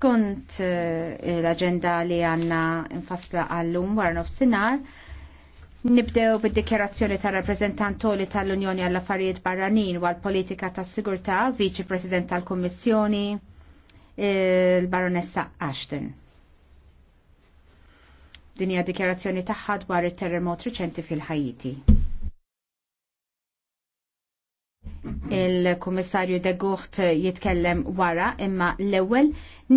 skont eh, l-agenda li għanna infasla għallum war nofsinar, nibdew bid-dikjerazzjoni tal rappresentantoli tal-Unjoni għall affarijiet barranin u għall-politika tas sigurtà viċi President tal-Kommissjoni, il-Baronessa Ashton. Dinja dikjerazzjoni taħħa dwar it terremot riċenti fil-Ħajiti. Il-Kummissarju de Gucht jitkellem wara imma l-ewwel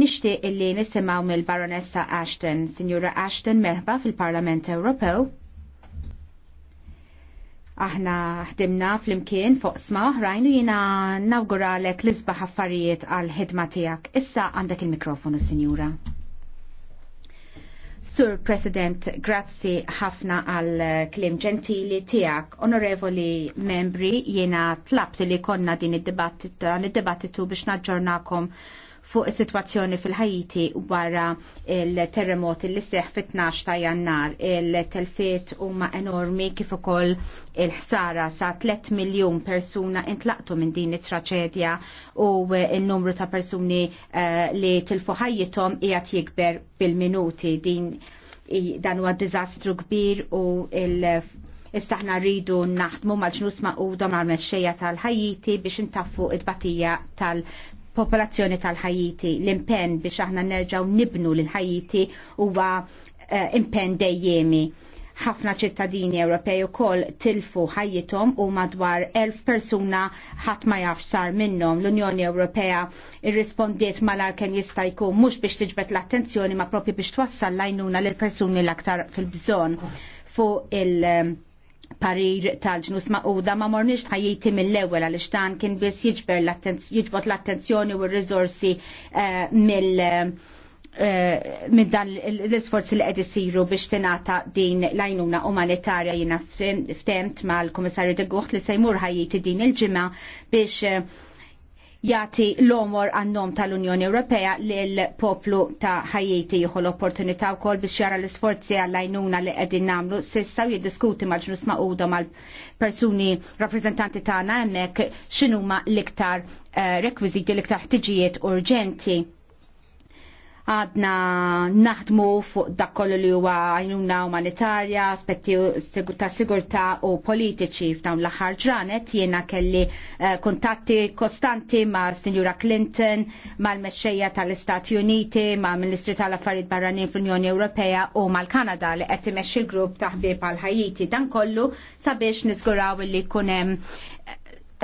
nixtieq illi nisimgħu mill-Baronessa Ashton. Sinjura Ashton merħba fil-Parlament Ewropew. Aħna ħdimna fl-imkien fuq sma oħrajn u jiena nawguralek l-isbaħ affarijiet għal ħidma tiegħek. Issa għandek il-mikrofonu, Sinjura. Sur President, grazzi ħafna għal eh, klim ġentili tijak. Onorevoli membri, jena tlabt li konna din id-dibattitu biex naġġornakom fuq is-sitwazzjoni fil-Ħajiti wara il-terremot li seħ fit-12 ta' jannar. Il-telfiet huma enormi kif ukoll il-ħsara sa' 3 miljun persuna intlaqtu minn din it-traċedja u il-numru ta' persuni eh, li tilfu ħajjithom qiegħed jikber bil-minuti din dan huwa diżastru kbir u il- Issa ħna rridu naħdmu mal-ġnus u domar meċċeja tal ħajiti biex intaffu id batija tal popolazzjoni tal-ħajiti. L-impenn biex aħna nerġaw nibnu l-ħajiti huwa eh, impenn dejjemi ħafna ċittadini Ewropej ukoll tilfu ħajjithom u madwar elf persuna ħadd ma jafx sar minnhom. L-Unjoni Ewropea irrispondiet malar kemm jista' jkun mhux biex tiġbed l-attenzjoni ma propri biex twassal lajnuna lil persuni l-aktar fil-bżonn fuq il- parir tal-ġnus maquda ma morniex ħajjiti mill-ewwel għal dan kien biss jiġbod l-attenzjoni u r-riżorsi eh, mill- eh, minn dan l-isforzi li qed isiru biex tingħata din l-għajnuna umanitarja jiena ftemt mal-Kummissarju de li se jmur ħajjiti din il-ġimgħa biex eh, jati l-omor għannom tal-Unjoni Ewropea l-poplu ta' ħajjiti jieħu l-opportunità u kol biex jara l-sforzi għall-għajnuna li għedin namlu sissa u jiddiskuti mal-ġnus ma'uda mal-persuni rappresentanti ta' għana x'inhuma xinuma l-iktar eh, rekwiżiti rekwiziti l-iktar ħtiġijiet urġenti għadna naħdmu fuq dak kollu li huwa għajnuna umanitarja, aspetti ta' sigurtà u politiċi f'dawn l-aħħar ġranet jiena kelli eh, kuntatti kostanti ma' Sinjura Clinton, mal mexxejja tal-Istati Uniti, ma' Ministri tal-Affarijiet Barranin fl-Unjoni Ewropea u mal-Kanada li qed imexxi l-grupp ta' ħbieb għal Ħajiti. Dan kollu sabiex niżguraw li jkun hemm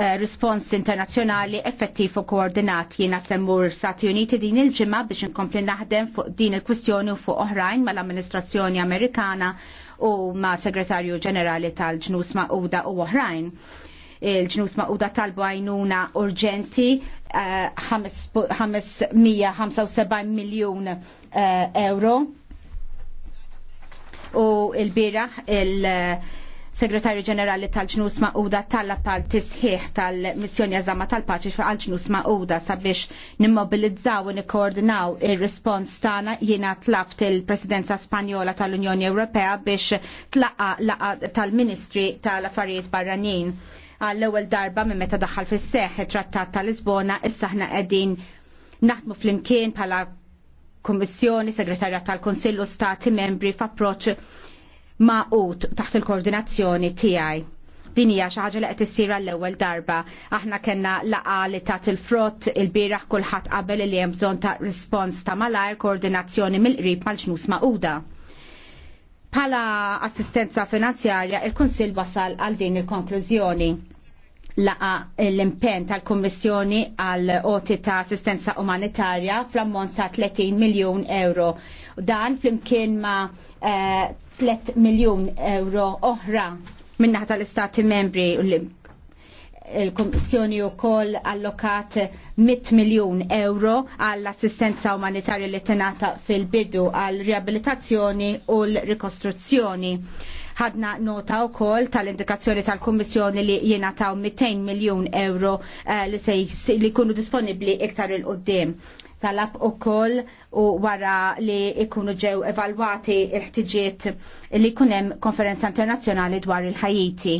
Eh, respons internazzjonali effettiv u koordinat jiena semmur Stati Uniti din il-ġimma biex inkompli naħdem fuq din il-kwistjoni u fuq oħrajn mal-amministrazzjoni Amerikana u ma' segretarju ġenerali tal-ġnus Mauda u oħrajn il-ġnus maquda talbu għajnuna urġenti 575 miljon uh, euro u il-biraħ il-, -biraħ, il segretarju ġenerali tal-ġnus Mauda tal-appal tisħiħ tal-missjoni għazama tal-paċi għal-ġnus Mauda sabiex nimmobilizzaw u nikkoordinaw il-respons tana jiena tlabt il-presidenza spanjola tal-Unjoni Ewropea biex tlaqa laqa tal-ministri tal-affarijiet barranin. Għall-ewel darba minn meta daħħal fis seħ it-trattat tal-Lisbona issa ħna qegħdin naħdmu fl-imkien bħala Kommissjoni, Segretarja tal-Konsillu Stati Membri f'approċċ maqut taħt il-koordinazzjoni tiegħi. Din hija xi ħaġa li qed issir għall-ewwel darba. Aħna kellna laqa li tat il-frott il-bieraħ kulħadd qabel li hemm bżonn ta' rispons ta' malajr koordinazzjoni mill-qrib mal-ġnus maquda. Pala assistenza finanzjarja, il-Kunsill wasal għal din il-konklużjoni laqa l-impen tal-Kommissjoni għal oti ta' assistenza umanitarja fl-ammont ta' 30 miljon euro. Dan flimkien ma' eh, 3 miljon euro oħra minnaħ tal-istati membri il-Komissjoni u koll allokat 100 miljon euro għall-assistenza umanitarja li tenata fil-bidu għall-riabilitazzjoni u l-rikostruzzjoni. Ħadna nota u koll tal-indikazzjoni tal-Komissjoni li taw 200 miljon euro eh, li, li kunu disponibli iktar il-qoddim talab u koll u wara li ikunu ġew evalwati il-ħtiġiet li kunem konferenza internazjonali dwar il-ħajiti.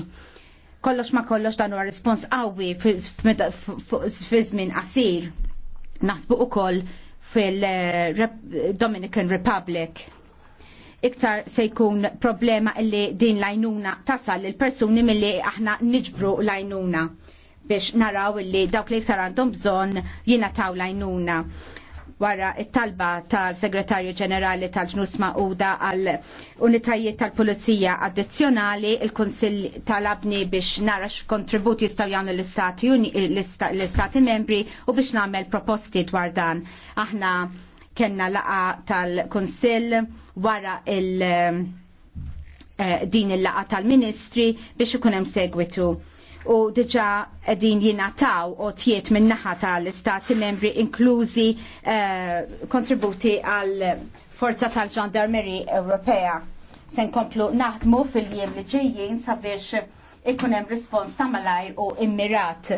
Kollox ma kollox dan huwa respons qawwi fi żmien qasir. Nasbu ukoll fil-Dominican Republic iktar se jkun problema illi din lajnuna tasal il-persuni mill-li aħna niġbru lajnuna biex naraw li dawk li iktar għandhom bżonn jina lajnuna wara it-talba tal-Segretarju Ġenerali tal-Ġnus Mauda għal unitajiet tal-Pulizija addizzjonali il-Kunsill abni biex nara x'kontributi jistgħu jagħmlu l-Istati membri u biex nagħmel proposti dwar dan. Aħna kena laqa tal-Kunsill wara il- eh, din il-laqa tal-Ministri biex ikun hemm segwitu u diġa edin jinataw u tiet minnaħa tal-istati membri inklużi uh, kontributi għal forza tal-ġandarmeri Ewropea. Sen komplu naħdmu fil-jiem li ġejjien sabiex ikunem rispons ta' malajr u immirat.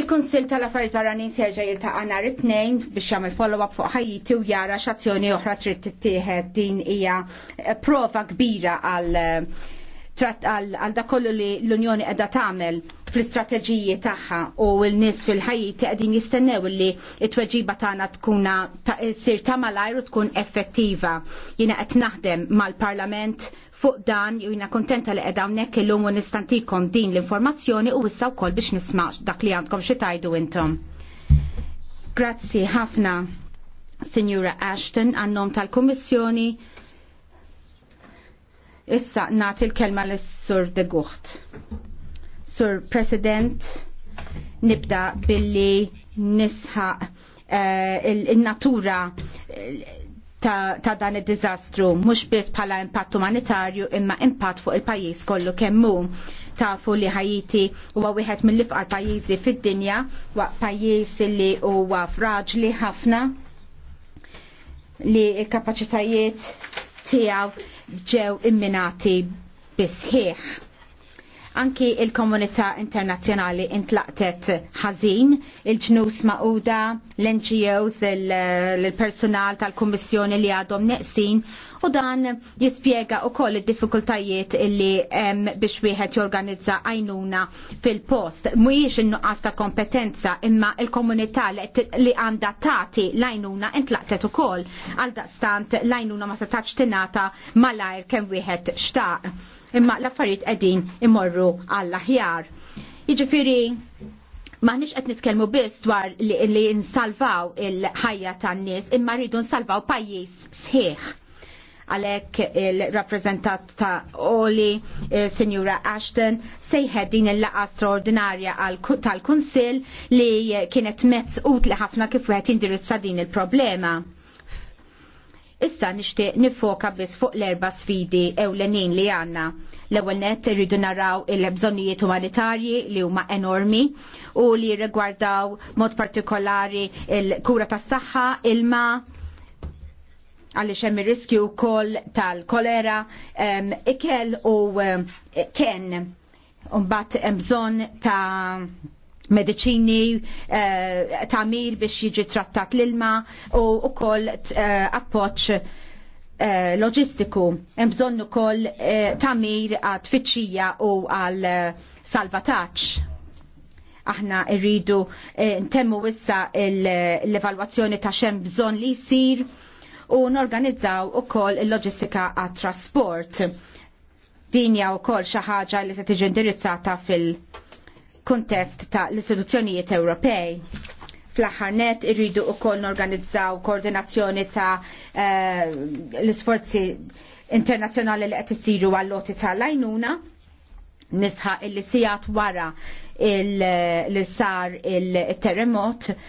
Il-Kunsil tal-Affarijiet Barranin serġa' jiltaqa' nhar it-tnejn biex jagħmel follow-up fuq ħajjiti u jara x'azzjoni oħra trid tittieħed din hija prova kbira għal uh, għal da kollu li l-Unjoni qiegħda tagħmel fl-istrateġiji tagħha u l-nies fil ħajji qegħdin jistennew li t-tweġiba tagħna tkun sir ta' malajr u tkun effettiva. Jiena qed naħdem mal-Parlament fuq dan u jiena kontenta li qiegħda hawnhekk illum u nistantikom din l-informazzjoni u issa wkoll biex nisma' dak li għandkom xi tajdu intom. Grazzi ħafna. sinjura Ashton, għannom tal-Kommissjoni, Issa nagħti l-kelma lis-Sur de Gucht. Sur President, nibda billi nisħaq eh, il-natura eh, ta' dan id-diżastru mhux biss bħala impatt umanitarju imma impatt fuq il-pajjiż kollu kemm hu fuq li Ħajiti huwa wieħed mill-ifqar pajjiżi fid-dinja wa pajjiż li huwa fraġli ħafna li l kapaċitajiet tiegħu ġew imminati bisħiħ. Anki il-komunità internazzjonali intlaqtet ħażin, il-ġnus maquda, l-NGOs, il-personal tal-Kummissjoni li għadhom neqsin u dan jispjega wkoll id-diffikultajiet illi hemm biex wieħed jorganizza għajnuna fil-post. Mhijiex in-nuqqas ta' kompetenza imma il-komunità li għandha tagħti l-għajnuna intlaqtet ukoll għal daqstant l-għajnuna ma setax tingħata malajr kemm wieħed xtaq. Imma l-affarijiet qegħdin imorru għall-aħjar. Jiġifieri Maħniċ qed nitkellmu biss dwar li, li nsalvaw il-ħajja tan-nies imma rridu nsalvaw pajjiż sħiħ għalek il-rappresentat ta' Oli, eh, Signora Ashton, sejħed din il-laqa straordinarja tal-Kunsil li kienet mezz utli ħafna kif wieħed indirizza din il-problema. Issa nixtieq nifoka biss fuq l-erba sfidi ewlenin li għandna. L-ewwel nett irridu naraw il-bżonnijiet umanitarji li huma enormi u li rigwardaw mod partikolari il-kura tas-saħħa, ilma, għaliex hemm ir-riskju wkoll tal-kolera um, ikel u um, ken mbagħad hemm bżonn ta' medicini uh, eh, mir biex jiġi trattat l-ilma u kol uh, eh, appoġġ eh, loġistiku. Hemm bżonn ukoll uh, tamir għal tfittxija u għal salvataġġ aħna rridu ntemmu wissa l-evalwazzjoni ta' xem bżon li jsir u norganizzaw ukoll il-loġistika għat-trasport. Din hija wkoll xi ħaġa li se tiġi indirizzata fil-kuntest ta' l-istituzzjonijiet Ewropej. Fl-aħħar net irridu wkoll norganizzaw koordinazzjoni ta' eh, l-isforzi internazzjonali li qed isiru għall-loti tal-għajnuna nisħa illi sijat wara il-sar il-terremot il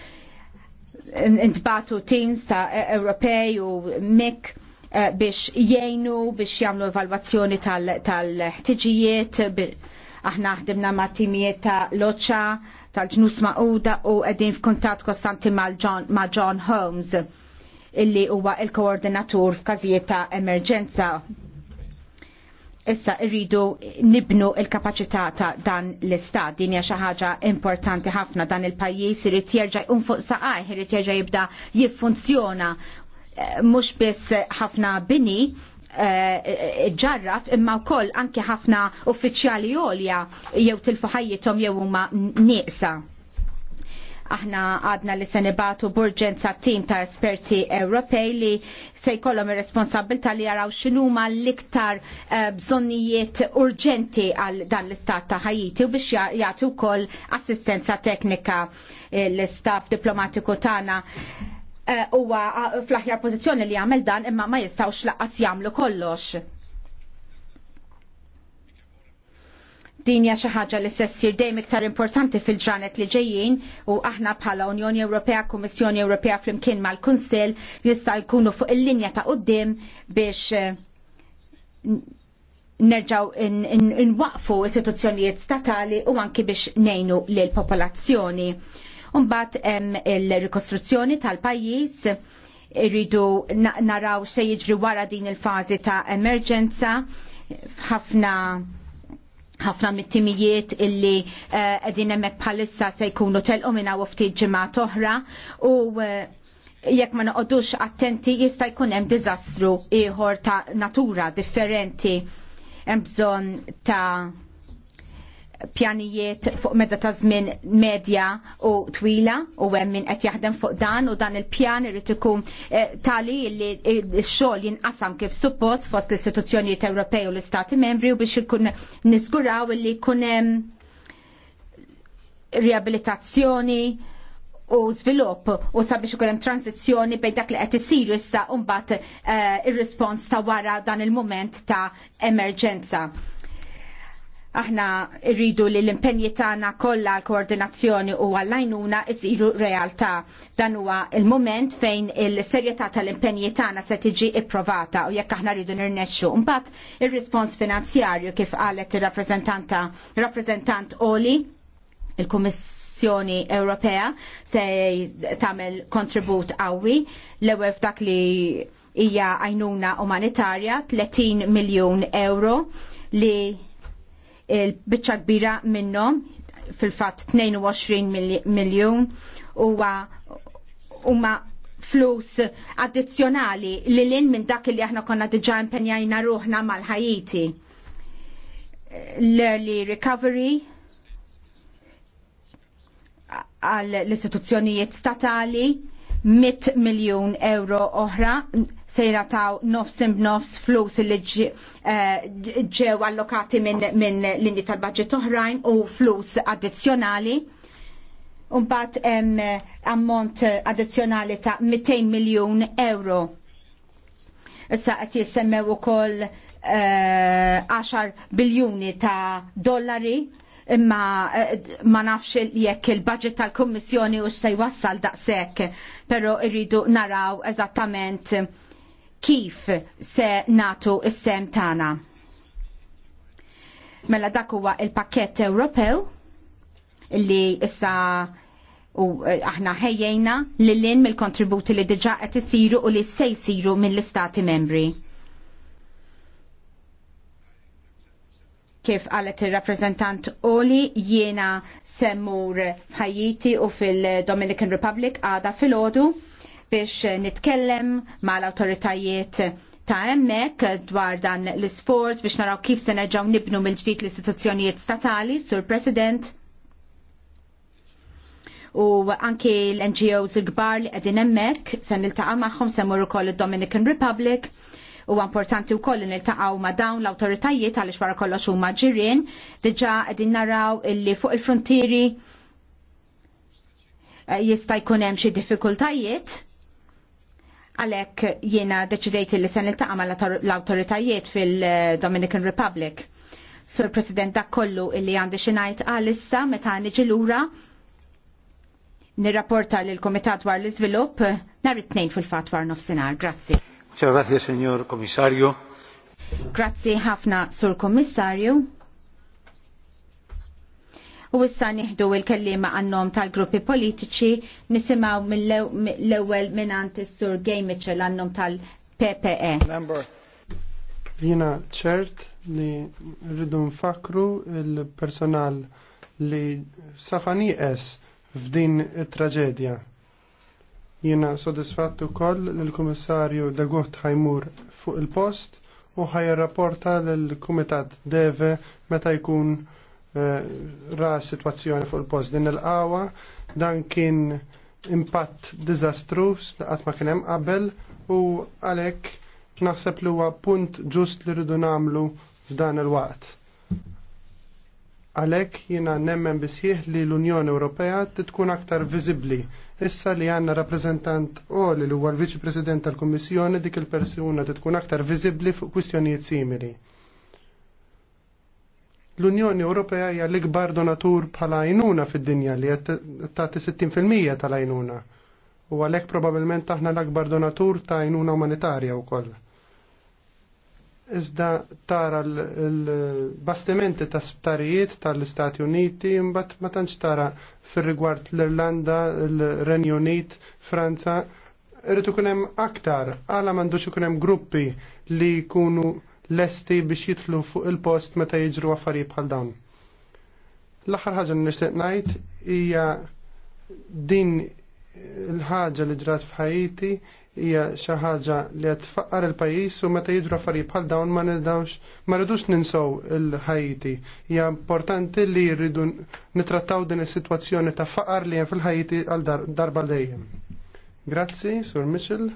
intbatu teams ta' e- Ewropej u MIK eh, biex jgħinu biex jagħmlu evalwazzjoni tal-ħtiġijiet aħna ħdimna ma' timijiet ta' Loċa tal-ġnus Mauda u qegħdin f'kuntatt kostanti ma' John Holmes illi huwa il-koordinatur f'każijiet ta' emerġenza issa rridu nibnu il-kapacità ta' dan l-istat. Din hija xi ħaġa importanti ħafna dan il-pajjiż irid jerġa' jqum fuq saqajh, irid jerġa' jibda jiffunzjona eh, mhux biss ħafna bini eh, ġarraf imma wkoll anke ħafna uffiċjali għolja jew tilfu ħajjithom jew huma nieqsa. Aħna għadna li se nibatu burġenza tim ta' esperti Ewropej li se jkollhom ir-responsabilità li jaraw x'inhuma l-iktar eh, bżonnijiet urġenti għal dan l-istat ta' Ħajiti u biex jagħtu wkoll assistenza teknika eh, l-istaff diplomatiku tagħna eh, huwa fl-aħjar pożizzjoni li jagħmel dan imma ma jistgħux laqqas jagħmlu kollox Din hija xi ħaġa li se ssir dejjem iktar importanti fil-ġranet li ġejjin u aħna bħala Unjoni Ewropea, Kummissjoni Ewropea flimkien mal-Kunsill jista' jkunu fuq il-linja ta' qudiem biex eh, nerġaw nwaqfu istituzzjonijiet statali u anki biex nejnu lill popolazzjoni. Umbat hemm il-rikostruzzjoni tal-pajjiż irridu naraw se jiġri wara din il-fażi ta' emerġenza ħafna ħafna mit-timijiet illi eh, qegħdin uh, hemmhekk bħalissa se jkunu telqu minn hawn ftit ġimgħat oħra u uh, jekk ma noqogħdux attenti jista' jkun hemm diżastru ieħor ta' natura differenti hemm bżonn ta' pjanijiet fuq medda ta' żmien medja u twila u hemm min qed jaħdem fuq dan u dan il-pjan irid ikun eh, tali li x-xogħol jinqasam kif suppost fost l-istituzzjonijiet Ewropej u l-Istati Membri u biex ikun niżguraw li jkun hemm riabilitazzjoni u svilupp u sabiex ikun hemm transizzjoni bejn dak li qed isir issa u mbagħad eh, ir-rispons ta' wara dan il mument ta' emerġenza. Aħna rridu li l-impenji tagħna kollha l-koordinazzjoni u għall-għajnuna isiru realtà. Dan huwa il-moment fejn il-serjetà tal-impenji tagħna se tiġi ipprovata u jekk aħna rridu nirnexxu. Mbagħad ir-rispons finanzjarju kif qalet ir-rappreżentanta rappreżentant Oli il-Kummissjoni Ewropea se tagħmel kontribut qawwi l-ewwel f'dak li hija għajnuna umanitarja 30 miljun euro li il-bicċa kbira minnhom fil-fatt 22 miljun huwa huma flus addizzjonali li lin minn dak li aħna konna diġà impenjajna ruħna mal-ħajiti. L-early recovery għall istituzzjonijiet statali 100 miljon euro oħra se jirataw nofsim b'nofs flus li eh, ġew allokati minn min linji tal-budget oħrajn u flus addizzjonali. Umbat hemm ammont addizzjonali ta' 200 miljun euro. Issa qed jissemmew ukoll uh, eh, 10 biljuni ta' dollari imma eh, ma nafx jekk il-budget tal-Kommissjoni u se jwassal daqshekk, però irridu naraw eżattament kif se natu is-sem tagħna. Mela dak huwa il-pakkett Ewropew li issa u eh, aħna ħejjejna li lin mill-kontributi li diġa qed isiru u li se jsiru mill-istati membri. Kif qalet ir-rappreżentant Oli jiena semmur f'Ħajjiti u fil-Dominican Republic għada fil-ħodu biex nitkellem mal-awtoritajiet ta' emmek dwar dan l isfors biex naraw kif se nerġaw nibnu mill-ġdid l-istituzzjonijiet statali sur President u anki l-NGOs il-gbar li għedin emmek se niltaqa' magħhom se mmorru ukoll id-Dominican Republic u importanti u koll nil-taqaw ma dawn l-autoritajiet għalix wara kollox huma ġirien, diġa qegħdin naraw illi fuq il-frontieri jista' jkun hemm xi diffikultajiet Għalek jiena deċidejt li se niltaqa' mal l-awtoritajiet fil-Dominican Republic. Sur President dak kollu illi għandi xi ngħid għalissa meta niġi lura nirrapporta lill komitat dwar l-iżvilupp nhar it-tnejn fil-fatt war nofsinhar. Grazzi. Muchas gracias, señor comisario. Grazzi ħafna, Sur Kommissarju. U issa nieħdu il-kellima għannom tal-gruppi politiċi nisimaw mill-ewwel minant is-sur Gay Mitchell għannom tal-PPE. Jina ċert li rridu nfakru il-personal li safani es f'din it-traġedja. Jina sodisfattu koll l-Komissarju Dagot ħajmur fuq il-post u rapporta l-Kumitat Deve meta jkun Eh, ra situazzjoni fuq il-post din il-qawa, dan kien impatt dizastrus qatt ma kien hemm qabel u għalhekk naħseb li huwa punt ġust li rridu nagħmlu f'dan il-waqt. Għalhekk jiena nemmen bisħieħ li l-Unjoni Ewropea titkun aktar viżibbli. Issa li għandna rappreżentant oli li huwa l-Viċi President tal-Kummissjoni dik il-persuna titkun aktar viżibbli fuq kwistjonijiet simili. L-Unjoni Ewropea hija l-ikbar donatur bħala għajnuna fid-dinja li qed tagħti 60% tal-għajnuna. U għalhekk probabbilment aħna l-akbar donatur ta' għajnuna umanitarja wkoll. Iżda tara l-bastimenti ta' sptarijiet tal-Istati Uniti imbagħad ma tantx tara fir-rigward l-Irlanda, l-Renju Unit, Franza, irid ikun hemm aktar għala m'għandux ikun hemm gruppi li jkunu lesti biex jitlu fuq il-post meta jiġru għaffari bħal dawn. L-aħħar ħaġa li ngħid hija din l-ħaġa li ġrat f'Ħajti hija xi ħaġa li qed tfaqqar il-pajjiż u meta jiġru affarijiet bħal dawn ma nidawx ma rridux ninsow il-Ħajti. Hija importanti li rridu nitrattaw din is-sitwazzjoni ta' faqar li hemm fil-Ħajti għal darba dejjem. Grazzi, Sur Michel.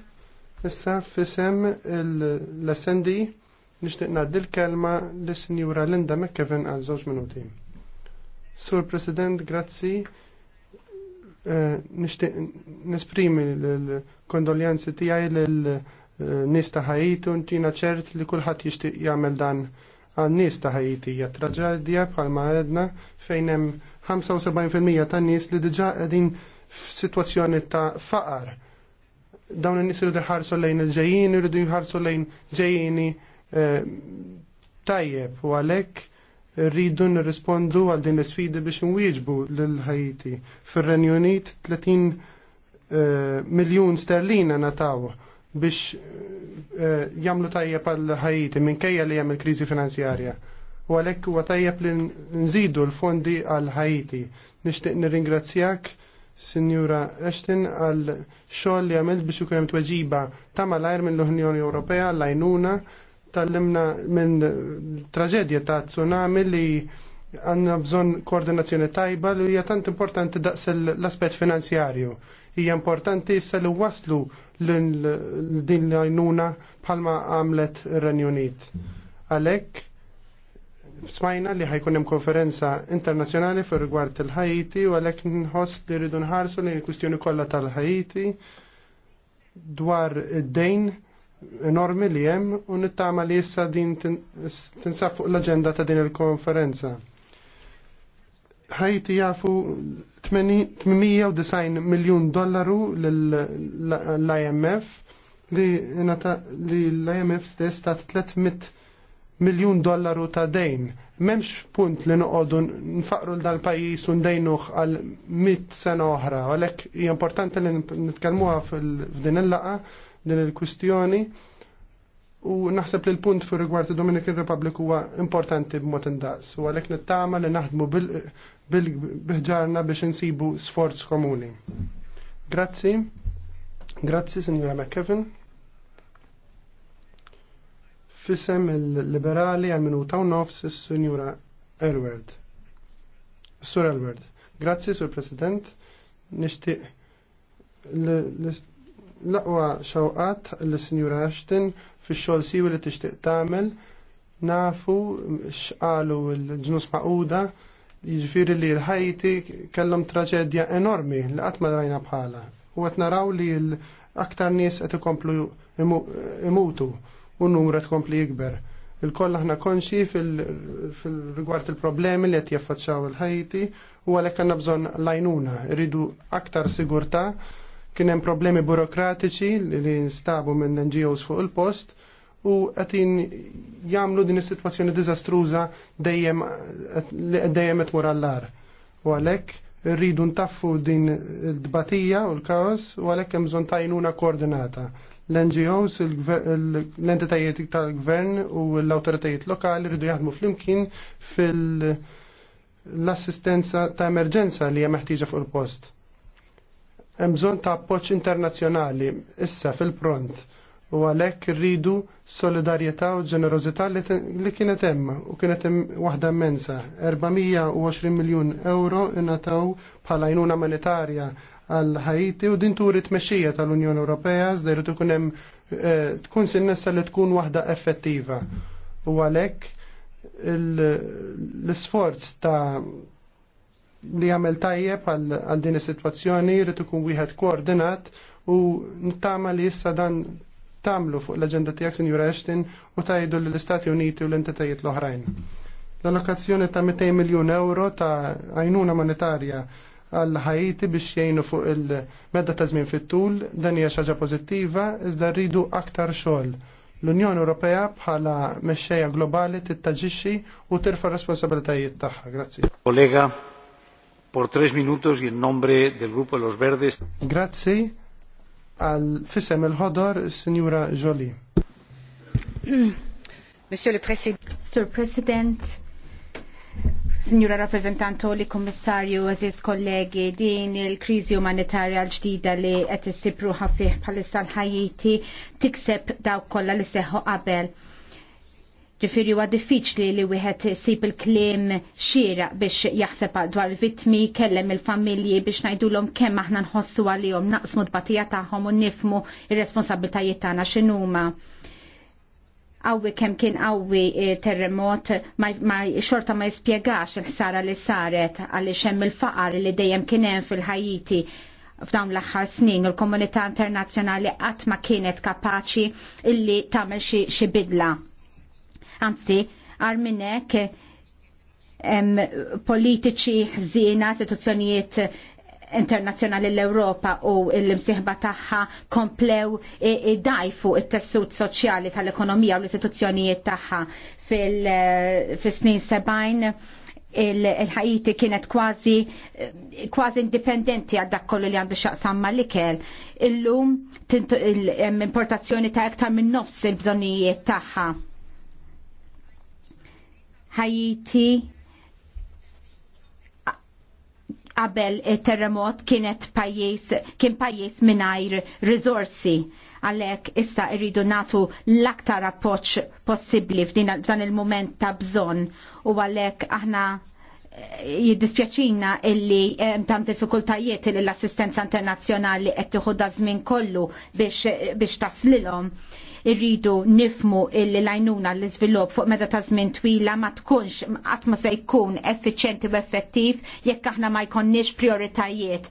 Issa fisem l-SND Nixtieq ngħaddi l-kelma lis-Sinjura Linda McKevin għal żewġ minuti. Sur President, grazzi. Eh, nixtieq nesprimi l-kondoljanzi tiegħi lil-nies eh, ta' Ħajitu ntina ċert li kulħadd jixtieq jagħmel dan għan-nies ta' Ħajiti hija traġedja bħalma għedna fejn hemm 75% tan-nies li diġà qegħdin f'sitwazzjoni ta' faqar dawn in nis irridu jħarsu lejn il ġejjin irridu jħarsu lejn ġejjini Eh, tajjeb u għalhekk rridu nirrispondu għal din l-sfidi biex nwieġbu l-Ħajti. Fir-Renju Unit 30 eh, miljun sterlina nataw biex eh, jagħmlu tajjeb għal Ħajti minkejja li hemm il-kriżi finanzjarja. U għalhekk huwa tajjeb li nżidu l-fondi għal Ħajti. Nixtieq nirringrazzjak Sinjura Ashton għal xogħol li għamilt biex ikun hemm tweġiba ta' malajr mill-Unjoni Ewropea l-għajnuna Tallimna minn traġedja ta' tsunami li għanna bżon koordinazzjoni tajba li hija tant importanti daqs l-aspet finanzjarju. Hija importanti issa li waslu din l-għajnuna bħalma għamlet ir-Renju Unit. Għalhekk smajna li ħajkun hemm konferenza internazzjonali fir rigward il-Ħajti u għalhekk nħoss li rridu nħarsu lejn il-kwistjoni kollha tal-Ħajti dwar id-dejn enormi li hemm u nittama li issa din tinsaf fuq l-aġenda ta' din il-konferenza. Ħajti jafu 890 miljun dollaru l-IMF li l-IMF stess ta' 300 miljun dollaru ta' dejn. Memx punt li noqogħdu nfaqru l dal-pajis u ndejnuh għal mit sena oħra, għalhekk hija importanti li nitkellmuha f'din il-laqa din il kustjoni u naħseb li l-punt fur rigward Dominican Republic huwa importanti b'mod indaqs u għalhekk nittama li naħdmu bil-ħġarna biex insibu sforz komuni. Grazzi. Grazzi, Signora McKevin. Fisem il-liberali għal minuta u nofs Signora Elward. Sur Elward. Grazzi, Sur President. Nishtiq laqwa xawqat l-Sinjura Ashton fix-xogħol siwi li tixtieq tagħmel nafu x'qalu l-ġnus maquda jiġifieri li l-Ħajti kellhom traġedja enormi li qatt ma rajna bħala. U qed naraw li l-aktar nies qed ikomplu imutu u n-numru qed kompli jikber il-koll aħna konxi fil-rigward il-problemi li qed jaffaċċaw il-Ħajti u għalhekk għandna bżonn lajnuna, rridu aktar sigurtà Kien hemm problemi burokratiċi li nstabu minn NGOs fuq il-post u għatin jamlu din is-sitwazzjoni diżastruża dejjem dejjem qed l ar U għalhekk rridu ntaffu din id-dbatija u l-kaos u għalhekk hemm bżonn tajnuna koordinata. L-NGOs, l-entitajiet tal-gvern u l-awtoritajiet lokali rridu jaħdmu flimkien fil-assistenza ta' emerġenza li hija meħtieġa fuq il-post hemm bżonn ta' appoċ internazzjonali issa fil-pront u għalhekk rridu solidarjetà u ġenerozita li kienet hemm u kienet hemm waħda immensa. 420 miljun euro ingħataw bħala għajnuna monetarja għal Ħajti u din turi tmexxija tal-Unjoni Ewropea żdejru tkun hemm eh, tkun sinnessa li tkun waħda effettiva. U għalhekk l-isforz ta' li għamel tajjeb għal din is-sitwazzjoni rrid ikun wieħed koordinat u nittama li issa dan tamlu fuq l-agenda tiegħek Sinjura Ashton, u tajdu l-Istati Uniti u l-entitajiet l-oħrajn. L-allokazzjoni ta' 200 miljun euro ta' għajnuna monetarja għal ħajti biex jgħinu fuq il-medda ta' żmien fit-tul, dan hija xaġa pożittiva, iżda rridu aktar xogħol. L-Unjoni Ewropea bħala mexxejja globali tittaġixxi u tirfa' responsabilitajiet tagħha. Grazzi. Kollega, por tres minutos y en nombre del Grupo de los Verdes. Grazie. Al fisem Jolie. Monsieur le President. Sir President, Signora rappresentanto li aziz kollegi, din il-krizi umanitarja l-ġdida li qed issibruħa fih bħalissa l-Ħajiti tikseb dawk kollha li seħħu qabel Ġifiri huwa diffiċli li wieħed sib il kliem xira biex jaħseb dwar vittmi, kellem il-familji biex ngħidulhom kemm aħna nħossu għalihom naqsmu d-batija tagħhom u nifmu ir-responsabbiltajiet tagħna x'inhuma. Awwi kemm kien qawwi e, terremot ma xorta ma jispjegax il-ħsara li saret għaliex hemm il-faqar li dejjem kien hemm fil-Ħajiti f'dawn l-aħħar snin u l-komunità internazzjonali qatt ma kienet kapaċi illi tagħmel xi bidla anzi għarminek politiċi ħżina, istituzzjonijiet internazzjonali l-Europa u l-imsieħba tagħha komplew dajfu il tessut soċjali tal-ekonomija u l-istituzzjonijiet tagħha fil-snin eh, sebajn il ħajiti kienet kważi kważi indipendenti għal dak kollu li għandu xaqsam ma l-ikel. Illum importazzjoni ta' iktar minn nofs il-bżonnijiet tagħha Haiti qabel terremot kienet pajis, kien pajis minajr rizorsi għalek issa irridu natu l-aktar appoċ possibli f'dan il-moment ta' bżon u għalek aħna eh, jiddispjaċina illi eh, tam diffikultajiet illi l-assistenza internazjonali qed tieħu żmien kollu biex, eh, biex taslilhom irridu nifmu illi lajnuna l-iżvilupp fuq meta ta' żmien twila ma tkunx qatt ma se jkun effiċjenti u effettiv jekk aħna ma jkonniex prioritajiet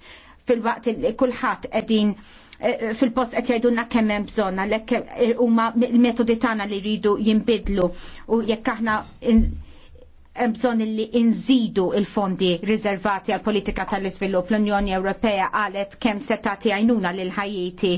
fil-waqt kulħadd qegħdin eh, eh, fil-post qed jgħidulna kemm hemm bżonn għalhekk eh, huma l-metodi tagħna li jridu jinbidlu u jekk aħna hemm bżonn li inżidu il-fondi riservati għal politika tal-iżvilupp l-Unjoni Ewropea qalet kemm se tagħti għajnuna lil ħajjiti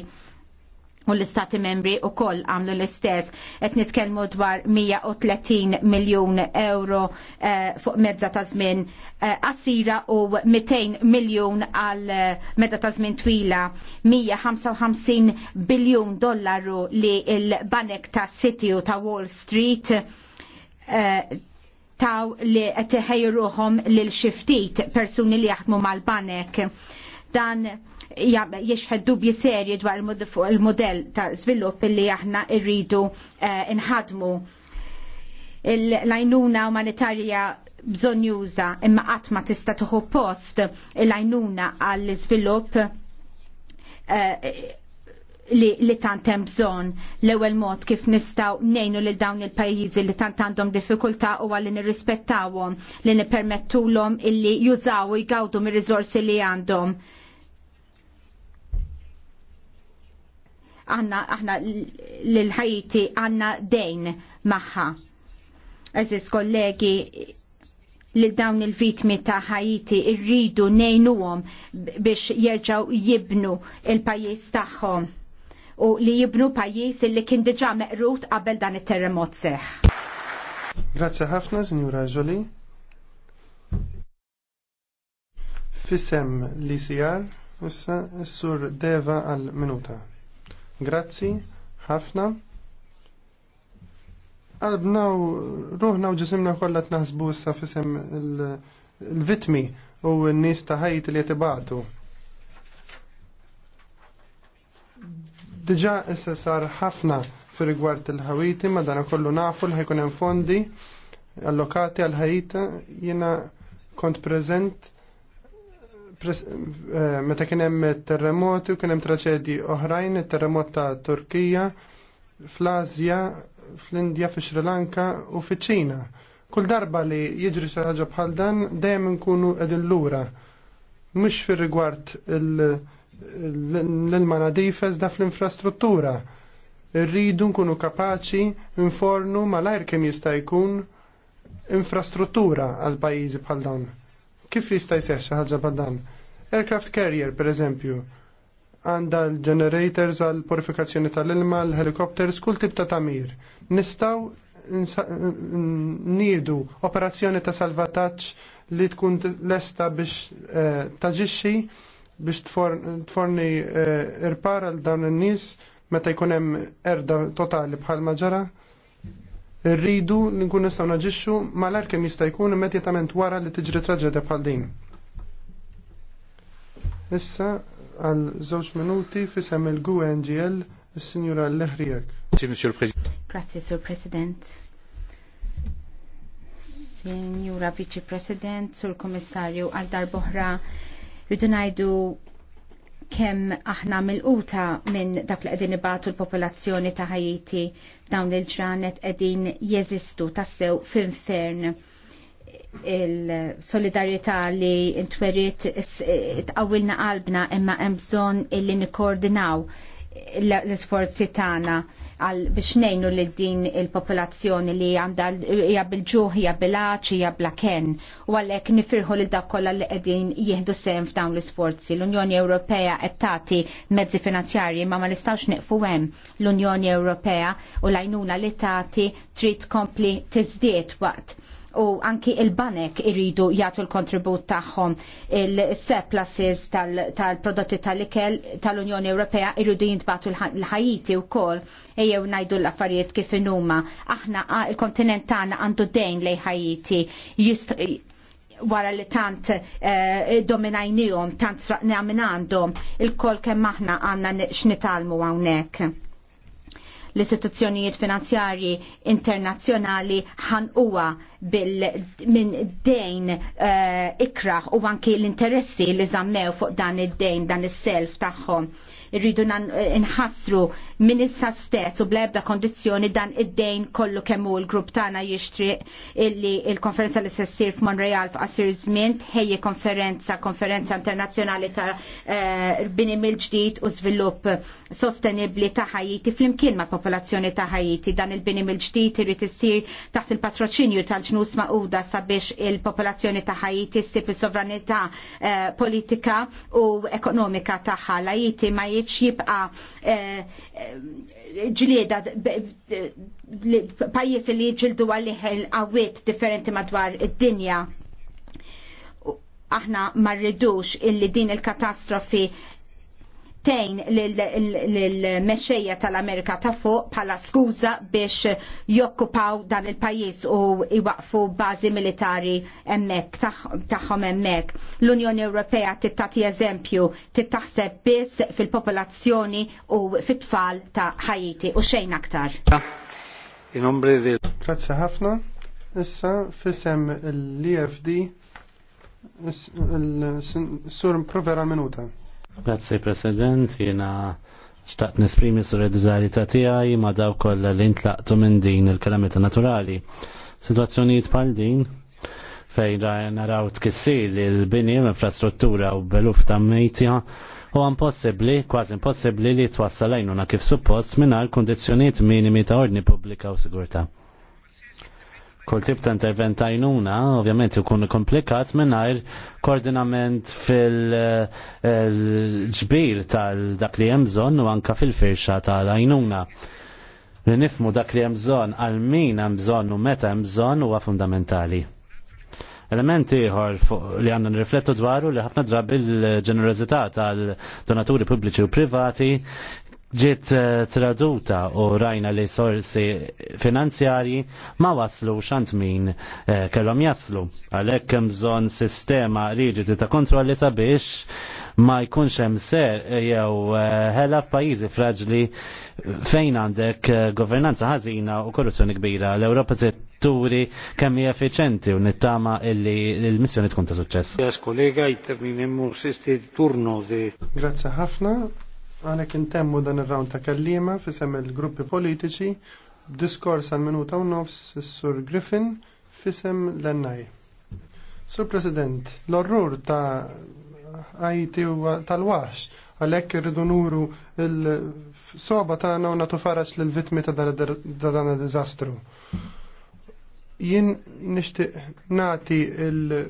u l-istati membri u koll għamlu l-istess. Et nitkelmu dwar 130 miljon euro eh, fuq mezza ta' żmien eh, qasira u 200 miljon għal eh, mezza ta' żmien twila 155 biljun dollaru li il-banek ta' City u ta' Wall Street taw li teħejruhom lil xiftit persuni li jaħdmu mal-banek. Dan jiexħed dubji serji dwar il-modell ta' svilupp li aħna irridu eh, inħadmu l-għajnuna umanitarja bżonjuża imma qatt ma tista' tieħu post l-għajnuna għall-iżvilupp eh, li, li tant hemm bżonn l-ewwel mod kif nistgħu ngħinu lil dawn il-pajjiżi li tant għandhom diffikultà huwa li nirrispettawhom li nippermettulhom illi jużaw u jgawdu mir-riżorsi li għandhom għanna aħna l-ħajti għanna dejn maħħa. Eżis kollegi li dawn il-vitmi ta' ħajti irridu nejnuhom biex jerġaw jibnu il-pajjiż tagħhom u li jibnu pajjiż li kien diġà meqrut qabel dan it-terremot seħ. Grazzi ħafna, Zinjura Ġoli. Fisem li sijar, issa s-sur Deva għal-minuta. Grazzi, ħafna. Qalbna u ruħna u ġisimna kollha tnaħsbu issa fisem il-vitmi u n-nies ta' ħajt li jtibatu. Diġà issa sar ħafna fir rigward il-ħawiti, madana kollu nafu li ħajkun hemm fondi allokati għal ħajita jiena kont preżent Eh, meta kien hemm terremoti u kien hemm traċedji oħrajn, it terremot ta' Turkija, fl-Asja, fl-Indja, fi Sri Lanka u fi ċina. Kull darba li jiġri xi ħaġa bħal dan dejjem nkunu qegħdin lura. Mhux fir-rigward l-ilma nadifes da fl-infrastruttura. Irridu nkunu kapaċi nfornu malajr kemm jista' jkun infrastruttura għal pajjiżi bħal dawn. Kif jista' jseħħ xi ħaġa bħal dan? Aircraft carrier, pereżempju, għandha l-generators għal purifikazzjoni tal-ilma, l-helikopters, kull tip ta' tamir. Nistgħu nidu operazzjoni ta' salvataġġ li tkun lesta biex eh, taġixxi biex tforni eh, irpar għal dawn in-nies meta jkun hemm erda totali bħal ma ġara rridu nkun nistgħu naġixxu malar kemm jista' jkun immedjatament wara li tiġri traġedja bħal din. Issa għal żewġ minuti fisem il gu NGL is-Sinjura Leħrijek. Grazzi, Sur President. Sinjura Viċi President, Sur Komissarju għal darboħra rridu ngħidu kemm aħna mill-quta minn dak li qegħdin ibatu l-popolazzjoni ta' Ħajiti dawn il-ġranet qegħdin jeżistu tassew f'infern il-solidarjetà li ntwerit eh, tqawilna qalbna imma hemm bżonn illi nikkoordinaw l-isforzi tagħna għal biex ngħinu li din il-popolazzjoni li għandha hija bil-ġuħ, hija bil-għaċ, hija blaken u għalhekk nifirħu li dak kollha li qegħdin jieħdu sehem f'dawn l-isforzi. L-Unjoni Ewropea qed tagħti mezzi finanzjarji ma ma nistgħux neqfu hemm l-Unjoni Ewropea u l-għajnuna li tagħti trid tkompli tiżdied waqt u anki il-banek iridu jagħtu l-kontribut tagħhom il-surpluses tal-prodotti tal tal-ikel tal-Unjoni Ewropea iridu jintbatu l-ħajiti wkoll ejjew ngħidu l-affarijiet kif inhuma. Aħna il-kontinent tagħna għandu dejn lej ħajiti wara li tant eh, dominajnijom, tant sraqna minn għandhom, il-kol kemm aħna għandna x'nitalmu hawnhekk l-istituzzjonijiet finanzjarji internazzjonali uwa minn dejn uh, eh, ikraħ u anki l-interessi li zammew fuq dan id-dejn, dan is-self tagħhom irridu eh, nħassru minn issa stess u blebda kondizjoni dan id-dejn kollu kemmu l-grupp tagħna jixtri illi il-konferenza li se ssir f'Monreal f'qasir żmien ħejje konferenza, konferenza internazzjonali ta' eh, bini mil ġdid u żvilupp sostenibbli ta' Ħajiti flimkien mal popolazzjoni ta' Ħajiti dan il-bini mill-ġdid irid issir taħt il-patroċinju tal-ġnus ma'uda sabiex il-popolazzjoni ta' Ħajiti ssib is-sovranità eh, politika u ekonomika tagħha. L-Ħajiti ma' marriċ jibqa eh, eh, ġlieda pajis li ġildu għalih għawiet differenti madwar id-dinja aħna marridux illi din il-katastrofi tejn l-mexxejja tal-Amerika ta' fuq bħala skuża biex jokkupaw dan il-pajjiż u iwaqfu bażi militari hemmhekk tagħhom hemmhekk. L-Unjoni Ewropea tittati eżempju tittaħseb biss fil-popolazzjoni u fit-tfal ta' Ħajiti u xejn aktar. Grazzi ħafna. Issa fisem l-EFD Sur provera minuta. Grazzi President, jena xtaqt nesprimi solidarità tiegħi ma daw koll li ntlaqtu minn din il-kalamita naturali. Situazzjoniet bħal din fejn naraw tkissir li l-bini infrastruttura u beluf ta' mejtja u għan possibli, kważi impossibli li twassalajnuna kif suppost minna l-kondizjoniet minimi ta' ordni pubblika u sigurta. Kol tip ta' intervent tajnuna, ovvjament, ikun komplikat minnajr koordinament fil-ġbir eh, tal-dak li jemżon u anka fil-firxa tal-ajnuna. Li nifmu dak li jemżon għal-min jemżon u meta jemżon huwa fundamentali Elementi ieħor li għandna nirriflettu dwaru li ħafna drabi l-ġenerozità tal-donaturi pubbliċi u privati ġiet eh, traduta u rajna li sorsi finanzjarji ma waslu xant min eh, kellhom jaslu. Għalhekk hemm bżonn sistema riġidi ta' kontrolli sabiex ma jkunx hemm ser jew eh, ħela f'pajjiżi fraġli fejn għandek governanza ħażina u korruzzjoni kbira. L-Ewropa turi kemm hija effiċenti u nittama illi l-missjoni tkun ta' suċċess. Grazzi ħafna kien temmu dan il-round ta' kallima fisem il-gruppi politiċi b'diskors għal minuta u nofs s sur Griffin sem l-ennaj. Sur President, l-orrur ta' għajti tal-wax għalek irridu nuru il-soba ta' għana u natu faraċ l-vitmi ta' dan il-dizastru. Jien nishtiq nati il-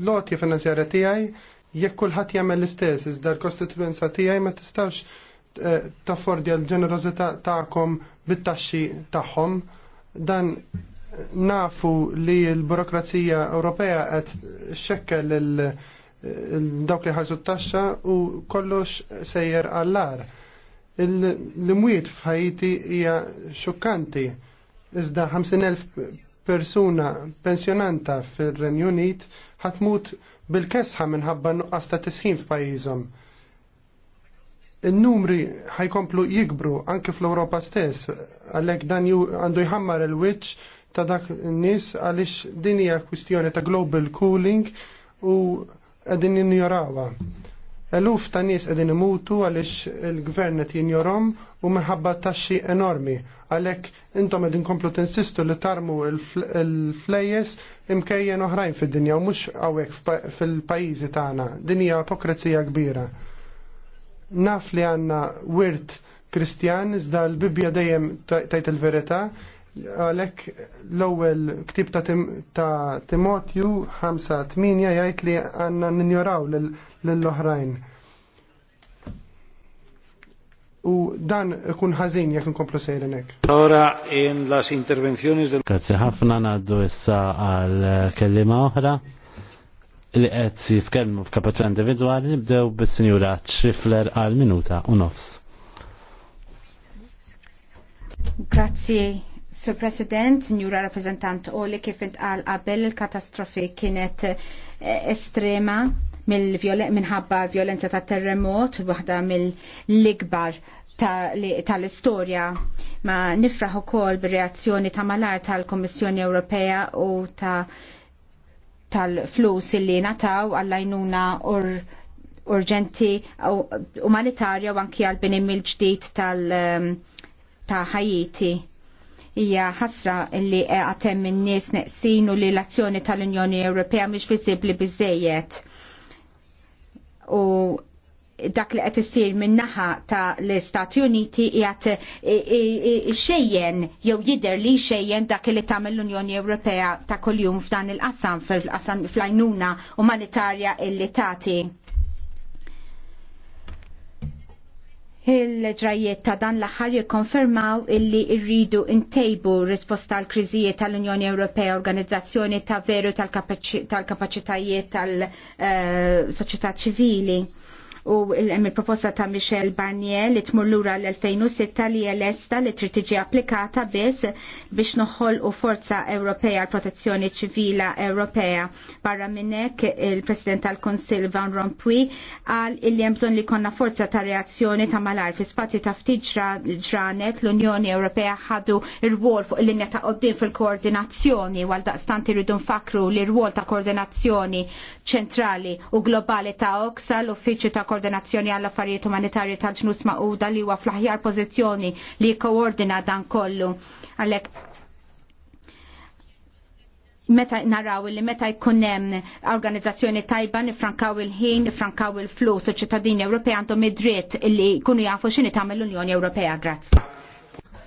lotja finanzjarja tiegħi jekk kulħadd jagħmel l-istess, iżda l-kostituenza tiegħi ma tistax eh, taffordja l-ġenerożità tagħkom bit-taxxi tagħhom. Dan eh, nafu li l-burokrazija Ewropea qed xekkel dawk li ħarsu t-taxxa u kollox sejjer għallar. L-imwiet f'Ħajti hija xukkanti. Iżda 50,000 persuna pensjonanta fir-Renju Unit ħatmut bil-kesħa minħabba nuqqas ta' tisħin f'pajjiżhom. In-numri ħajkomplu jikbru anke fl-Ewropa stess, għalhekk dan għandu jħammar il-wiċċ ta' dak nies għaliex din hija kwistjoni ta' global cooling u qegħdin injorawha. Eluf ta' nies qegħdin imutu għaliex il-gvern qed jinjorhom u minħabba taxxi enormi. Għalhekk intom qegħdin komplu tinsistu li tarmu l-flejjes imkejjen oħrajn fid-dinja u mhux hawnhekk fil-pajjiżi tagħna. Din hija apokrazija kbira. Naf li għandna wirt Kristjan, iżda l-Bibja dejjem tajt il-verità, għalek l-ewwel ktib ta' Timotju 5-8 jgħid li għandna ninjoraw l oħrajn U dan ikun ħażin jekk inkomplu sejrenek. Ora in las intervenzjonis del Grazzi ħafna ngħaddu issa għal kelliema oħra li qed jitkellmu f'kapacità individwali nibdew bis-sinjura Schrifler għal minuta u nofs. Grazzi, Sir President, Njura Rappresentant Oli, kif intqal qabel il-katastrofi kienet eh, estrema minħabba violenza ta' terremot, waħda mill-ikbar tal-istoria. Ma nifraħu ukoll bir-reazzjoni ta' malar tal-Kommissjoni Ewropea u ta' tal-flus illi nataw għallajnuna ur urġenti umanitarja u anki għal binim il-ġdid tal um, ta' Ħajiti. Hija ħasra li għatem minn nies neqsin u li l-azzjoni tal-Unjoni Ewropea mhix viżibbli bizzejiet u dak li qed isir min-naħa ta' l-Istati Uniti qiegħed xejjen jew jidher li xejjen dak li tagħmel l-Unjoni Ewropea ta' kuljum f'dan il-qasam fl-għajnuna umanitarja illi tagħti Il-ġrajiet ta' dan l-aħħar jikkonfermaw illi rridu ntejbu risposta l kriżijiet tal-Unjoni Ewropea, organizzazzjoni ta' veru tal-kapaċitajiet tal-soċjetà eh, ċivili u il-proposta ta' Michel Barnier li tmur lura l-2006 li l li trid tiġi applikata biss biex noħol u forza Ewropea protezzjoni ċivila Ewropea. Barra minnek il-President tal-Konsil Van Rompuy għal il-li jemżon li konna forza ta' reazzjoni ta' malar fi spazju ta' ftit ġranet l-Unjoni Ewropea ħadu ir rwol fuq il-linja ta' qoddim fil-koordinazzjoni għal daqstant irridu nfakru l rwol ta' koordinazzjoni ċentrali u globali ta' Oxa l-Uffiċċju ta' koordinazzjoni għall affarijiet umanitarji tal-ġnus ma'uda li huwa fl-aħjar pożizzjoni li jikkoordina dan kollu. Għalhekk meta naraw li meta jkun hemm organizzazzjoni tajba nifrankaw il-ħin, nifrankaw il-flus u ċittadini Ewropej għandhom id-dritt li jkunu jafu x'inhi tagħmel l-Unjoni Ewropea. Grazzi.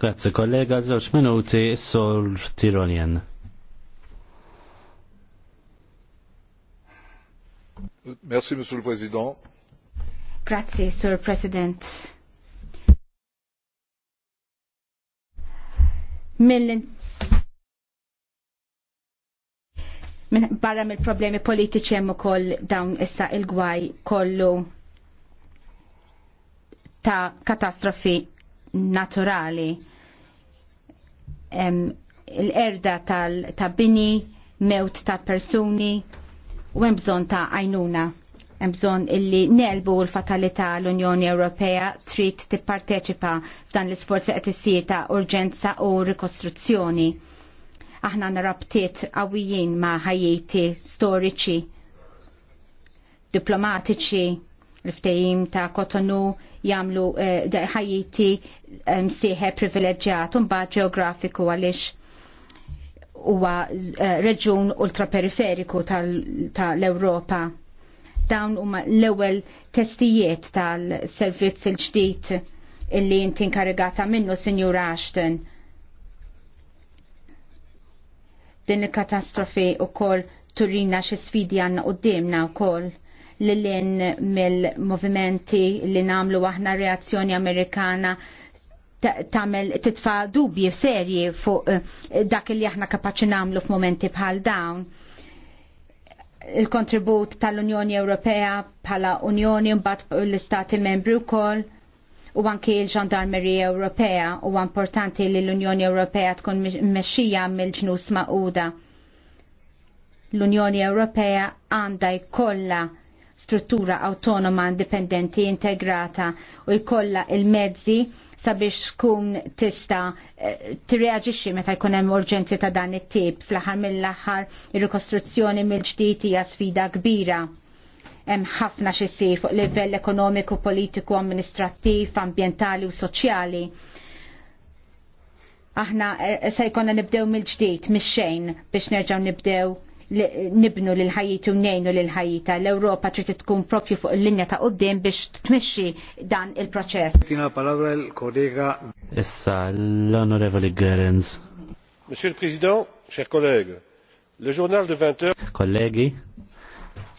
Grazzi kollega, żewġ minuti s-sol Tironien Merci, Monsieur le Président. Grazzi, Sur President. min barra mill-problemi politiċi hemm ukoll dawn issa il-gwaj kollu ta' katastrofi naturali. l-erda tal-bini, mewt ta' persuni u hemm bżonn ta' għajnuna bżon illi nelbu l-fatalità l-Unjoni Ewropea trid tipparteċipa f'dan l-isforzi qed issir ta' urġenza u rikostruzzjoni. Aħna narabtiet qawwijin ma' ħajjiti storiċi, diplomatiċi, l ftehim ta' Kotonu jagħmlu eh, ħajjiti eh, msieħe privileġġjat u mbagħad ġeografiku għaliex huwa eh, reġun ultraperiferiku tal-Ewropa. tal ewropa Dawn huma l-ewwel testijiet tal-servizz il-ġdid illi inti inkarigata minnu, Sinjura Ashton. Din il-katastrofi u kol turina xi sfidi għandna qudiemna wkoll li mill-movimenti li namlu aħna reazzjoni Amerikana tamel titfa dubji serji fuq eh, dak li aħna kapaċi namlu f'momenti bħal dawn il-kontribut tal-Unjoni Ewropea bħala Unjoni mbagħad l-Istati Membri wkoll u anki l-ġandarmerija Ewropea u importanti li l-Unjoni Ewropea tkun mexxija mill-ġnus maquda. L-Unjoni Ewropea għandha jkollha struttura autonoma indipendenti integrata u jkollha il-mezzi sabiex tkun tista eh, tirreaġixxi meta jkun hemm urġenzi ta' dan it-tip fl-aħħar mill-aħħar ir-rikostruzzjoni mill-ġdid hija sfida kbira. Hemm ħafna xi jsir fuq livell ekonomiku, politiku, amministrattiv, ambjentali u soċjali. Aħna eh, se jkollna nibdew mill-ġdid mix-xejn biex nerġgħu nibdew nibnu lil ħajjitu mnejnu lil ħajjita l-Europa trid tkun propju fuq il-linja ta' qudiem biex tmexxi dan il-proċess. Tina palabra kollega Issa l-Onorevoli Gerens. Monsieur le Président, chers collègues, le journal de 20 heures. Kollegi,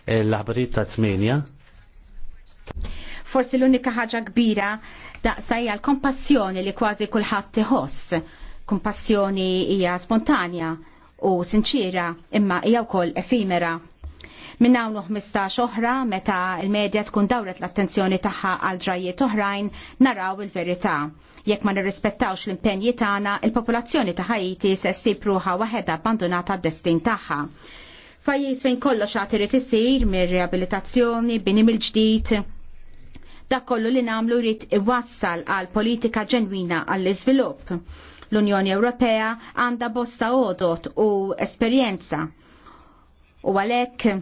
eh, l-ħabrit ta' 8. Forsi l-unika ħaġa kbira daqsajja l-kompassjoni li kważi kulħadd iħoss. Kompassjoni hija spontanja u sinċira imma hija wkoll efimera. Minn hawn 15 oħra meta l-medja tkun dawret l-attenzjoni tagħha għal drajiet oħrajn naraw il-verità. Jekk ma nirrispettawx l-impenji tagħna, il-popolazzjoni ta' Ħajti se ssib ruħha waħedha abbandonata d-destin tagħha. Fajjiż fejn kollox għad irid isir mir-reabilitazzjoni, bini mill-ġdid, dak kollu li nagħmlu jrid iwassal għal politika ġenwina għall-iżvilupp L-Unjoni Ewropea għandha bosta odot u esperjenza. U għalhekk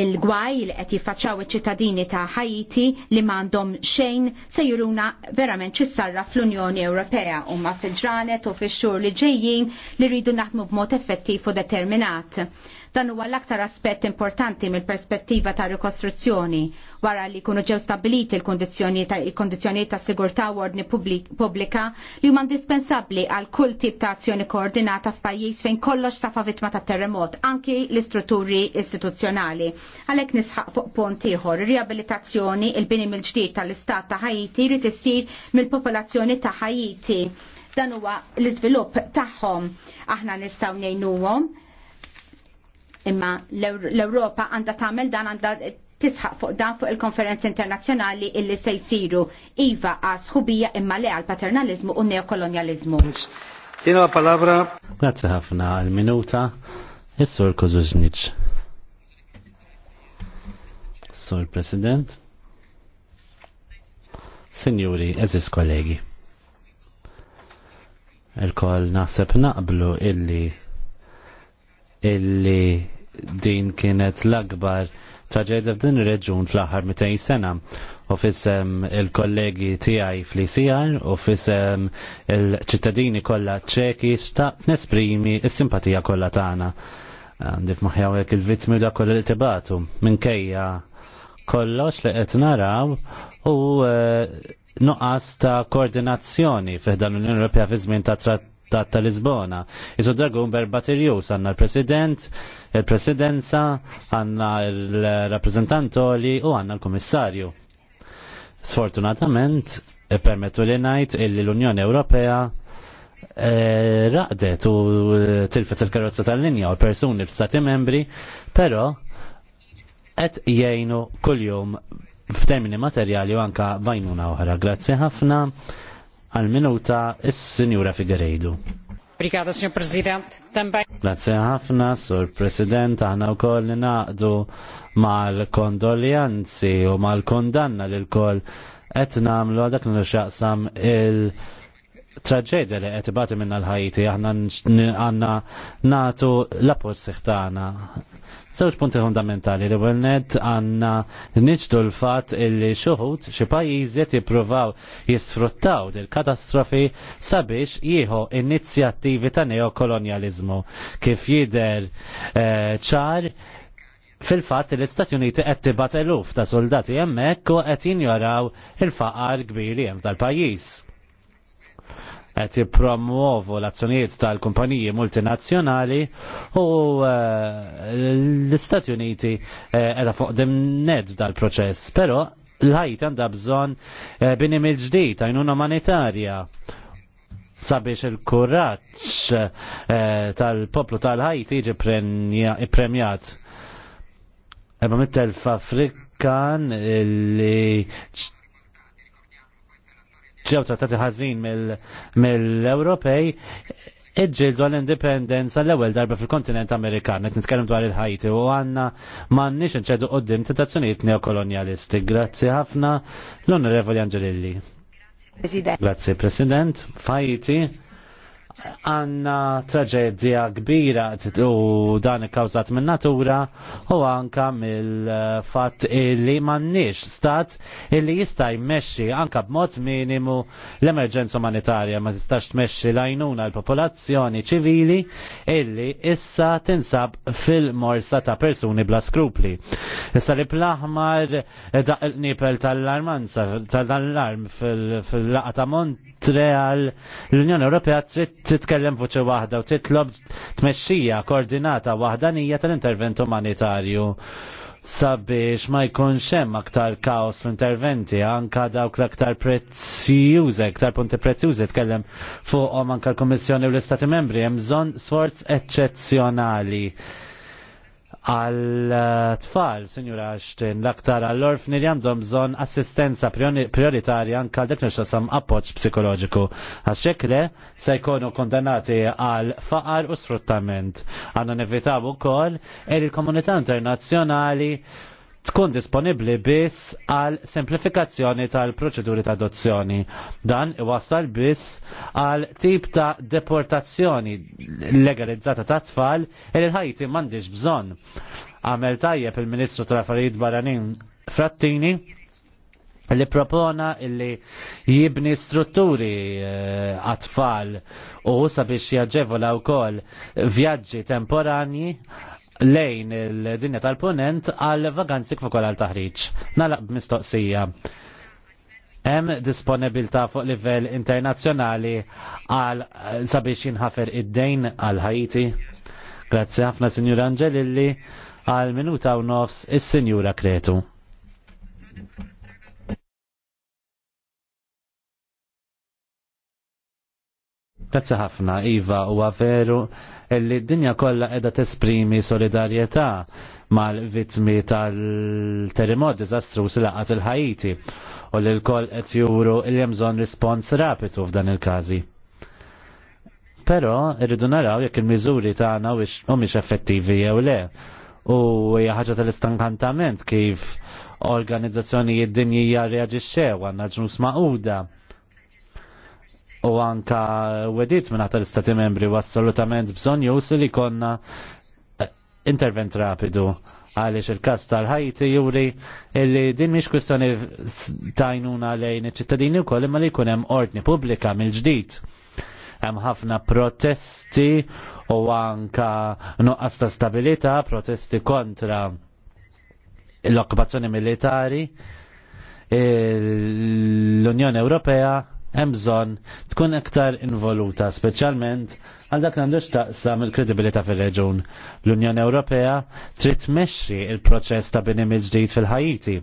il-gwaj li qed jiffaċċaw iċ-ċittadini ta' Ħajiti li m'għandhom xejn se juruna verament ċissarra fl-Unjoni Ewropea u ma fil-ġranet u fix-xhur li ġejjin li rridu naħdmu b'mod effettiv u determinat Dan huwa l-aktar aspett importanti mill-perspettiva ta' rikostruzzjoni wara li jkunu ġew stabiliti l-kondizzjonijiet ta' sigurtà u ordni pubblika li huma indispensabbli għal kull tip ta' azzjoni koordinata f'pajjiż fejn kollox tafa' vittma ta' terremot, anki l-istrutturi istituzzjonali. Għalhekk nisħaq fuq punt ieħor, riabilitazzjoni il-bini mill-ġdid tal-istat ta' Ħajti jrid issir mill-popolazzjoni ta' Ħajti dan huwa l-iżvilupp tagħhom aħna nistgħu ngħinuhom Imma l-Europa għanda tagħmel dan għanda tisħaq fuq dan fuq il-konferenzi internazzjonali illi se jsiru iva għas ħubija imma le għal paternalizmu u neokolonializmu. Tina palabra. Grazie ħafna għal-minuta. Is-sur Kozużniċ. President. Signori, eżis kollegi. Il-koll naħseb naqblu illi illi din kienet l-akbar traġedja f'din ir-reġun fl-aħħar 200 sena u fissem il-kollegi tiegħi fl-ICR u fissem il-ċittadini kollha ċeki xtaq nesprimi s-simpatija kollha tagħna. maħjaw jek il vitmi da kollha li tibatu minkejja kollox li qed naraw u eh, nuqqas ta' koordinazzjoni dan l-Unjoni Ewropea fi żmien ta' trattat ta' Lisbona. Isu dragun berbatirjus sanna l-President, il-Presidenza, għanna l-Rappresentantoli u għanna l-Komissarju. Sfortunatament, e permettu li najt illi l-Unjoni Ewropea e, raqdet u tilfet il-karozza tal-linja u persuni stati membri, pero qed jgħinu kuljum f'termini materjali u anka bajnuna oħra. Grazzi ħafna għal-minuta is-Sinjura Figueiredo. Brigada, Sr. President. Tambaj. Grazie ħafna, Sur President, għana u koll naqdu mal-kondoljanzi u mal-kondanna li l-koll etna għamlu għadak n-xaqsam il- traġedja li qed ibati minna l-ħajti aħna għandna natu l-appoġġ Sewġ punti fundamentali li għelnet għanna nġdu l-fat illi xuħut xi pajjiżiet jippruvaw jisfruttaw dil katastrofi sabiex jieħu inizjattivi ta' neokolonializmu kif jider eh, ċar fil-fat l-Istati Uniti qed tibat eluf ta' soldati hemmhekk u qed jinjoraw il-faqar kbir hemm tal-pajjiż qed jippromuovu l-azzjonijiet tal-kumpaniji multinazzjonali u eh, l-Istati Uniti qiegħda eh, fuq ned dal-proċess. Però l-ħajt għandha bżonn eh, bini mill ġdid għajnuna umanitarja sabiex il-kuraċ tal-poplu tal-ħajti jiġi premjat. Erba mittel f'Afrikan li ġew trattati ħażin mill-Ewropej iġġieldu l-indipendenza l ewwel darba fil-kontinent Amerikan, qed nitkellem dwar il-Ħajti u għandna m'għandniex inċedu qudiem tentazzjonijiet neokolonjalisti. Grazzi ħafna l-Onorevoli Angelilli. Grazzi President, fajti għanna traġedja kbira u dan ikkawżat minn natura u anka mill-fatt illi m'għandniex stat illi jista' jmexxi anka b'mod minimu l-emerġenza umanitarja ma tistax tmexxi lajnuna l-popolazzjoni ċivili illi issa tinsab fil-morsa ta' persuni bla skrupli. Issa li plaħmar daq il-nipel tal-armanza tal-allarm fil-laqa ta' Montreal l-Unjoni Ewropea trid titkellem fuċi waħda u titlob tmexxija koordinata waħdanija tal-intervent umanitarju sabiex ma jkunx hemm aktar kaos fl-interventi, anka dawk l-aktar prezzjuża, aktar punti prezzjużi tkellem fuqhom anka l-Kummissjoni u l-Istati Membri, hemm bżonn sforz eċċezzjonali għal-tfal, Sinjura Ashton, l-aktar għall-orfni li għandhom bżon assistenza prioritarja anka dak sam appoċ psikoloġiku. Għaxekle se jkunu kondannati għal-faqar u sfruttament. Għanna nevitabu kol er il-komunità internazjonali tkun disponibli biss għal semplifikazzjoni tal-proċeduri ta' adozzjoni. Dan iwassal biss għal tip ta' deportazzjoni legalizzata ta' tfal il ħajti mandiġ bżon. Għamel tajjeb il-Ministru tal-Affarijiet Barranin Frattini li propona illi jibni strutturi eh, għatfall u sabiex jaġevola u kol vjaġġi temporani lejn il-dinja tal-ponent għal vaganzi kif ukoll għal taħriġ. Nalaq b'mistoqsija. Hemm disponibilità fuq livell internazzjonali għal sabiex jinħafer id-dejn għal Ħajti. Grazzi ħafna Sinjura Angelilli għal minuta u nofs is-Sinjura Kretu. Grazzi ħafna, Iva, u veru li d-dinja kollha qiegħda tesprimi solidarjetà mal-vittmi tal-terremot si laqat il-ħajiti u li l-koll qed juru l-hemm bżonn rispons rapidu f'dan il-każi. Però irridu naraw jekk il-miżuri tagħna mhumiex effettivi jew le. U hija ħaġa tal-istankantament kif organizzazzjonijiet dinjija reaġixxew għandna ġnus maquda u anka wedit minn għata l-istati membri u assolutament bżon jus li konna eh, intervent rapidu għaliex il-kas tal-ħajti juri illi din miex kwistjoni tajnuna lejn iċ-ċittadini wkoll imma li jkun hemm ordni pubblika mill-ġdid hemm ħafna protesti u anka nuqqas ta' stabilità, protesti kontra l-okkupazzjoni militari. L-Unjoni Ewropea hemm bżonn tkun iktar involuta, speċjalment għal dak għandu xtaqsam il-kredibilità fil-reġun. L-Unjoni Ewropea trid tmexxi il-proċess ta' bini ġdid fil-Ħajiti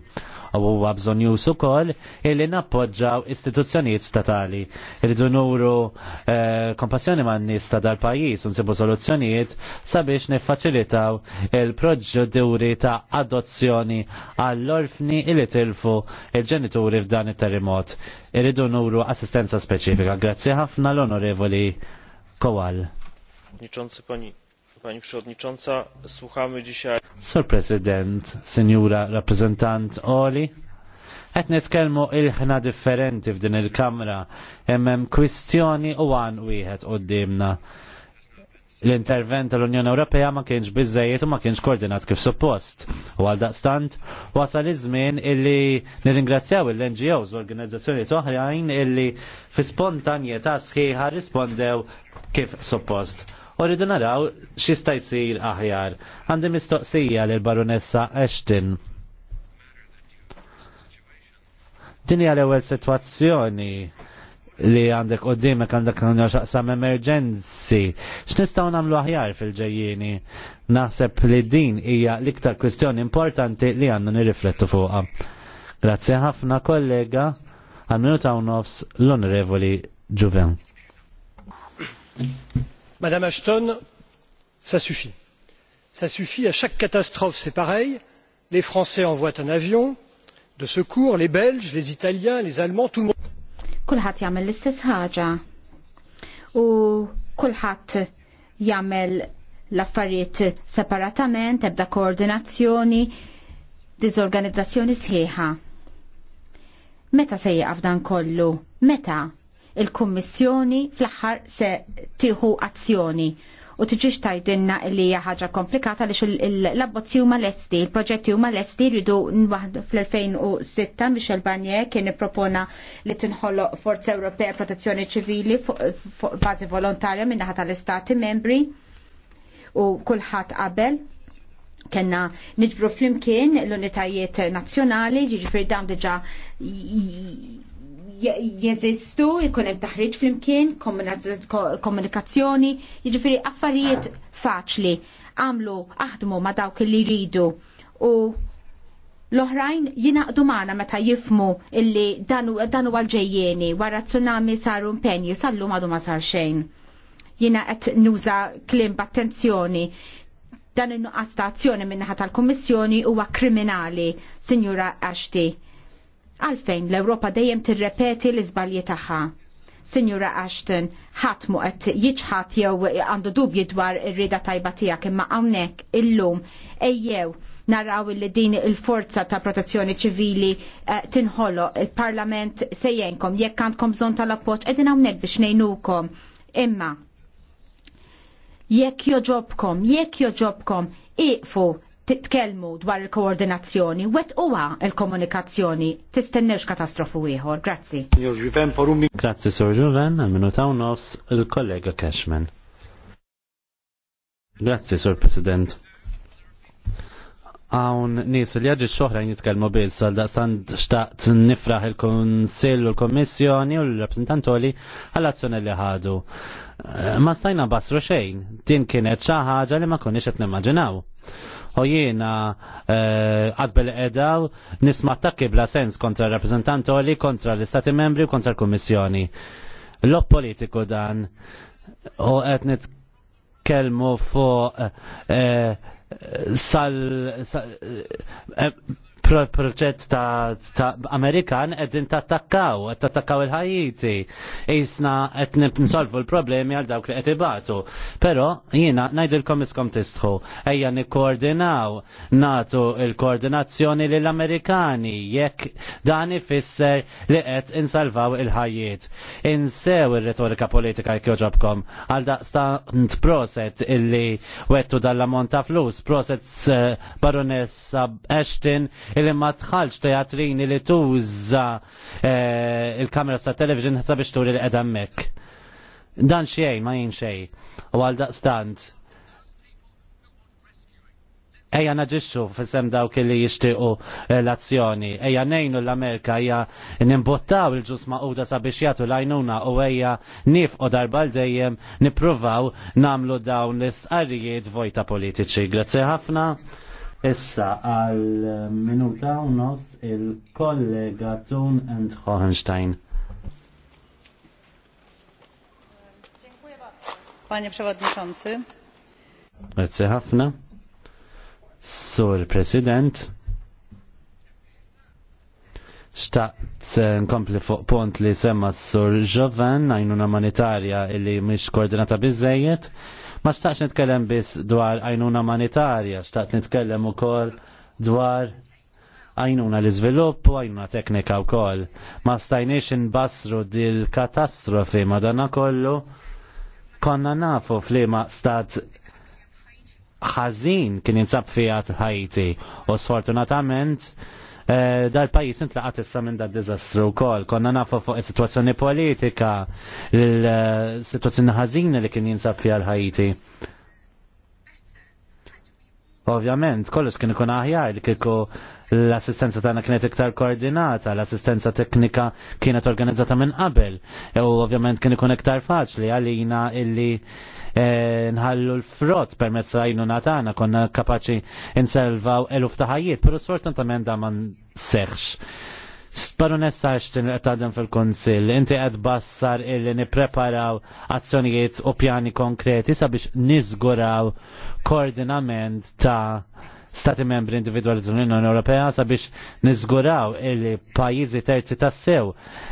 u huwa bżonn jus ukoll illi nappoġġaw istituzzjonijiet statali. Irridu nuru eh, kompassjoni ma' nies ta' dal-pajjiż u nsibu soluzzjonijiet sabiex niffaċilitaw il-proġġuduri ta' adozzjoni għall-orfni illi tilfu il-ġenituri f'dan it-terremot. Irridu nuru assistenza speċifika. Grazzi ħafna l-onorevoli Kowal. Pani Przewodnicząca, słuchamy dzisiaj... Sir President, Senjura Reprezentant Oli, Qed nitkellmu il-ħna differenti f'din il-kamra, hemm kwistjoni u għan wieħed dimna l-intervent tal-Unjoni Ewropea ma kienx biżejjed u ma kienx koordinat kif suppost. U għal daqstant wasal iż-żmien illi nirringrazzjaw l-NGOs u organizzazzjoni oħrajn illi fi spontanjetà sħiħa rispondew kif suppost. U rridu naraw x'ista jsir aħjar. Għandi mistoqsija lil baronessa Ashton. Din hija l-ewwel sitwazzjoni li għandek qoddimek għandek għandek għandek emerġenzi. X'nistgħu nagħmlu aħjar fil-ġejjieni? Naħseb li din hija l-iktar kwistjoni importanti li għandna nirriflettu fuqha. Grazzi ħafna kollega għal minuta u nofs l-Onorevoli Ġuven. Madame Ashton, ça suffit. Ça suffit à chaque catastrophe, c'est pareil. Les Français envoient un avion de secours, les Belges, les Italiens, les Allemands, tout le monde kulħadd jagħmel l-istess ħaġa u kulħadd jagħmel l-affarijiet separatament, ebda koordinazzjoni, diżorganizzazzjoni sħiħa. Meta se jieqaf dan kollu? Meta? Il-Kummissjoni fl-aħħar se tieħu azzjoni u tiġix tajdinna li hija ħaġa komplikata li l-abbozzi huma lesti, il-proġetti huma lesti rridu nwaħdu fl-2006 Michel Barnier kien ippropona li tinħolloq Forza Ewropea Protezzjoni Ċivili fuq bażi volontarja minnaħa tal-istati membri u kulħadd qabel kena niġbru flimkien l-unitajiet nazjonali, ġiġifri dan diġa jeżistu, jkun hemm taħriġ flimkien, komunikazzjoni, jiġifieri affarijiet faċli għamlu aħdmu ma' dawk li jridu u l-oħrajn jinaqdu maħna meta jifmu illi danu, danu għalġejjeni wara tsunami saru mpenju, sallu madu ma sar xejn. Jina qed nuża klim b'attenzjoni dan in-nuqqas ta' azzjoni minnaħa tal-Kummissjoni huwa kriminali, Sinjura Ashti Għalfejn l-Ewropa dejjem tirrepeti l-iżbalji tagħha. Sinjura Ashton, ħadd mu qed jew għandu dubji dwar ir-rida tajba tiegħek imma hawnhekk illum ejjew narraw li din il-forza ta' protezzjoni ċivili eh, tinħolo il-Parlament sejjenkom jekk għandkom bżonn tal appoċ qegħdin hawnhekk biex ngħinukom. Imma jekk joġobkom, jekk joġobkom, iqfu titkellmu dwar il-koordinazzjoni, wet uwa il-komunikazzjoni, tistennex katastrofu ieħor. Grazzi. Grazzi, Sor Juven, minu taw nofs il-kollega Cashman. Grazzi, Sor President. Għawn nis li għagġi xoħra jitkelmu biz, għal-daqsand xtaqt nifraħ il-Konsil u l-Kommissjoni u l-Rappresentantoli għall-azzjoni li ħadu. Ma stajna basru xejn, din kienet xaħġa li ma konniex qed nimmaġinaw u jiena eh, għadbel edaw nisma attakki bla sens kontra rappresentanti li kontra l-Istati membri u kontra l-Kommissjoni. Lob politiku dan u qed nitkellmu fuq eh, eh, sal proġett ta' Amerikan edin tattakkaw, qed tattakkaw il-ħajiti. Isna qed nsolvu l-problemi għal dawk li qed ibatu. Però jiena ngħidilkom iskom tistħu. Ejja nikkoordinaw natu il-koordinazzjoni lill amerikani jekk dan ifisser li qed insalvaw il-ħajiet. Insew il retorika politika jekk għal għal stant proset illi wettu dal-ammont ta' flus, proset eh, baronessa Ashton illi ma tħallx teatrini li tuża eh, il-kamera sa' television sabiex turi li qed hemmhekk. Dan xejn ma jien xejn. U għal daqstant Eja naġiċu fissem dawk li jishtiqu eh, l-azzjoni. Eja nejnu l-Amerika, eja nimbottaw il-ġus maquda sabiex jatu lajnuna u eja nif u darbal dejjem nipruvaw namlu dawn l-istqarrijiet vojta politiċi. Grazie ħafna. Issa għal minuta u nos il-kollega Tun and Hohenstein. Panie Przewodniczący. Grazie ħafna. Sur President xtaqt eh, nkompli fuq pont li semma s-sur Joven, għajnuna umanitarja illi mish koordinata bizzejiet, Ma staqx nitkellem biss dwar għajnuna umanitarja, staqt nitkellem ukoll dwar għajnuna l-izvilupp u għajnuna teknika wkoll. Ma stajniex inbassru dil-katastrofi ma danna kollu konna nafu flima stat ħażin kien jinsab fijat Ħajti u sfortunatament Eh, dal-pajis intlaqat issa minn dal dizastru wkoll. Konna nafu fuq is-sitwazzjoni politika, l-sitwazzjoni ħażina li kien jinsab fiha l-Ħajti. Ovvjament, kollox kien ikun aħjar li kieku L-assistenza tagħna kienet iktar koordinata, l-assistenza teknika kienet organizzata minn qabel. U ovvjament kien ikun iktar faċli għalina illi eh, nħallu l-frott permezz għajnu tagħna konna kapaċi inselvaw eluf taħajiet, pero sfortunatament da man seħx. Baronessa Ashton għaddem fil-konsil, inti qed bassar illi nipreparaw azzjonijiet u pjani konkreti sabiex nizguraw koordinament ta' stati membri individuali tal-Unjoni Ewropea sabiex niżguraw il-pajjiżi terzi tassew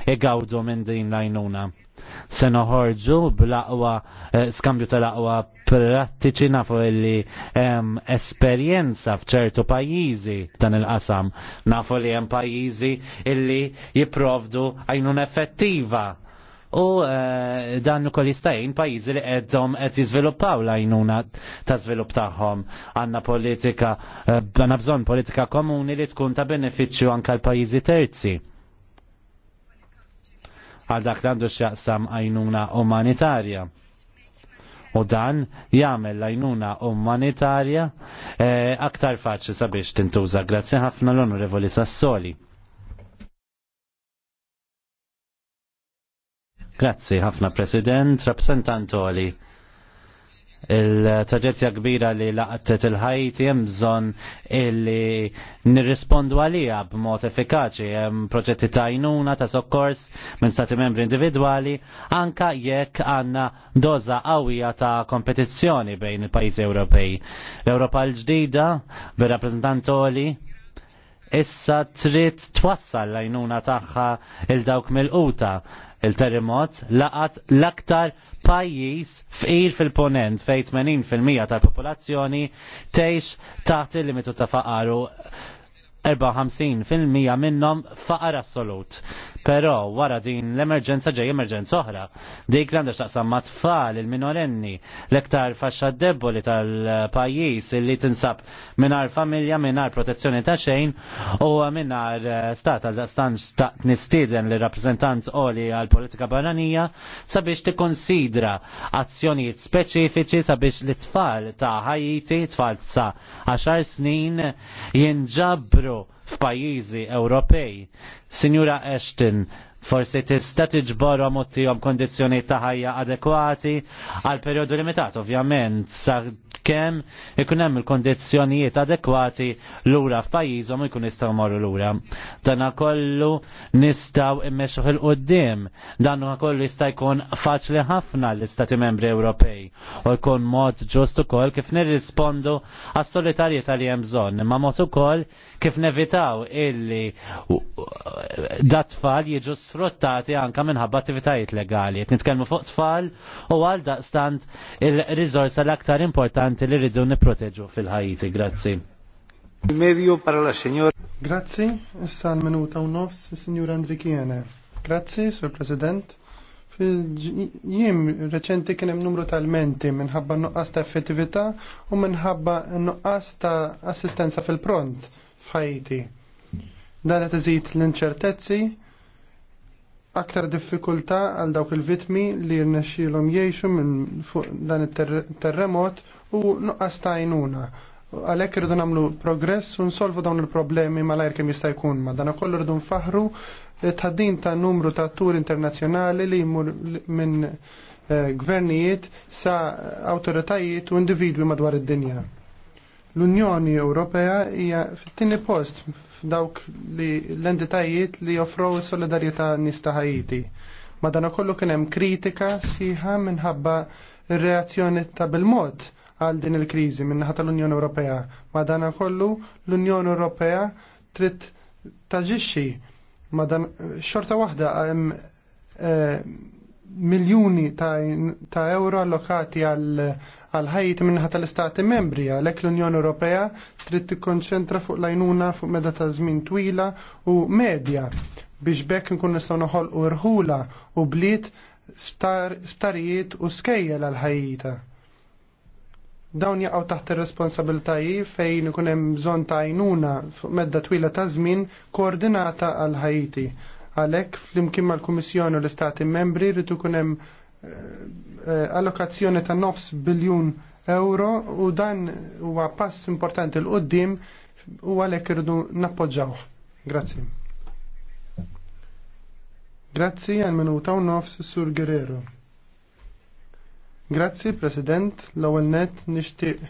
igawdu minn din l Se noħorġu bl-aqwa eh, skambju tal-aqwa prattiċi nafu li hemm esperjenza f'ċertu pajjiżi dan il-qasam. Nafu li hemm pajjiżi illi jipprovdu għajnuna effettiva u dan eh, dan ukoll jistajin pajjiżi li għeddom għed jiżviluppaw l-għajnuna ta' żvilupp tagħhom. Għandna politika, eh, għandna bżon bżonn politika komuni li tkun ta' benefiċċju anke l-pajjiżi terzi. Għal dak għandu x'jaqsam għajnuna umanitarja. U dan jagħmel l-għajnuna umanitarja eh, aktar faċli sabiex tintuża. Grazzi ħafna l-Onorevoli Sassoli. Grazzi ħafna President, rappresentantoli. Il-traġettja kbira li laqtet il-ħajt jemżon illi nirrispondu għalija b'mod effikaċi, jem proġetti ta' jnuna, ta' sokkors minn stati membri individuali, anka jekk għanna doza qawwija ta' kompetizzjoni bejn il-pajjiżi Ewropej. L-Ewropa l-ġdida, bir-rappresentantoli, issa trid twassal l-għajnuna tagħha il-dawk mill-quta il-terremot laqat l-aktar pajjiż fqir fil-ponent fej 80% tal-popolazzjoni tgħix taħt il-limitu ta' faqaru 54% minnhom faqar assolut. Però wara din l-emerġenza ġej emerġenza oħra. Dik l taqsam ma' tfal il-minorenni, l-iktar faxxa deboli tal-pajjiż illi tinsab minar familja, minar protezzjoni ta' xejn u minar eh, stat għal stan stat nistieden li rappresentant oli għal politika barranija sabiex tikkonsidra azzjonijiet speċifiċi sabiex li tfal ta' Ħajiti, tfal ta' 10 snin jinġabru f'pajjiżi Ewropej. Sinjura Ashton, forsi tista' tiġborhom u tihom kondizzjoni ta' ħajja adekwati għal perjodu limitat, ovvjament, kemm ikun hemm il-kondizzjonijiet adekwati lura f'pajjiżhom ikun jistgħu morru lura. Dan kollu nistgħu immexxu il qudiem dan kollu jista' jkun faċli ħafna l-Istati Membri Ewropej u jkun mod ġust ukoll kif nirrispondu għas-solitarjetà li hemm bżonn, imma mod ukoll kif nevitaw illi dat tfal jiġu sfruttati anka minħabba attivitajiet legali. Qed nitkellmu fuq tfal u għal daqstant il-riżorsa l-aktar importanti li rridu nipproteġu fil-ħajti. Grazzi. Medio para la signora. Grazzi, issa l-minuta u nofs, signor Andrikiene. Grazzi, sur President. Jiem reċenti kien hemm numru tal-menti minħabba nuqqas ta' effettività u minħabba nuqqas ta' assistenza fil-pront f'Ħajti. Dan qed iżid l-inċertezzi aktar diffikultà għal dawk il-vitmi li rnexxielhom jgħixu minn fuq dan it-terremot u nuqqas ta' għajnuna. Għalhekk irridu nagħmlu progress u nsolvu dawn il-problemi malajr kemm jista' jkun ma dan ukoll irridu nfaħru tħaddim ta' numru ta' tur internazzjonali li jmur minn eh, gvernijiet sa' awtoritajiet u individwi madwar id-dinja. L-Unjoni Ewropea hija fit-tieni post f'dawk li l-entitajiet li joffrow solidarjetà nies ta' Ħajiti. Madanakollu kien hemm kritika sieħa minħabba r-reazzjoni ta' bil-mod għal din il-kriżi minnaħa tal-Unjoni Ewropea. Madanakollu l-Unjoni Ewropea trid taġixxi madan xorta waħda hemm eh, miljuni ta', ta euro allokati għal għal ħajt minnaħa tal-Istati membri għalhekk l-Unjoni Ewropea trid tikkonċentra fuq lajnuna fuq meda ta' żmien twila u medja biex bekk nkun nistgħu noħolqu rħula u bliet sptarijiet u skejjel għal ħajjita dawn jaqgħu taħt ir-responsabiltaji fejn ikun hemm bżonn ta' għajnuna fuq medda twila ta' żmien koordinata għal Ħajti. Għalhekk flimkien mal-Kummissjoni u l-Istati Membri rrid ikun hemm Eh, allokazzjoni ta' 9 biljun euro u dan huwa pass importanti l qoddim u għalhekk irridu nappoġġawh. Grazzi. Grazzi għal minuta u nofs Sur Guerrero. Grazzi, President, l-ewwel net nixtieq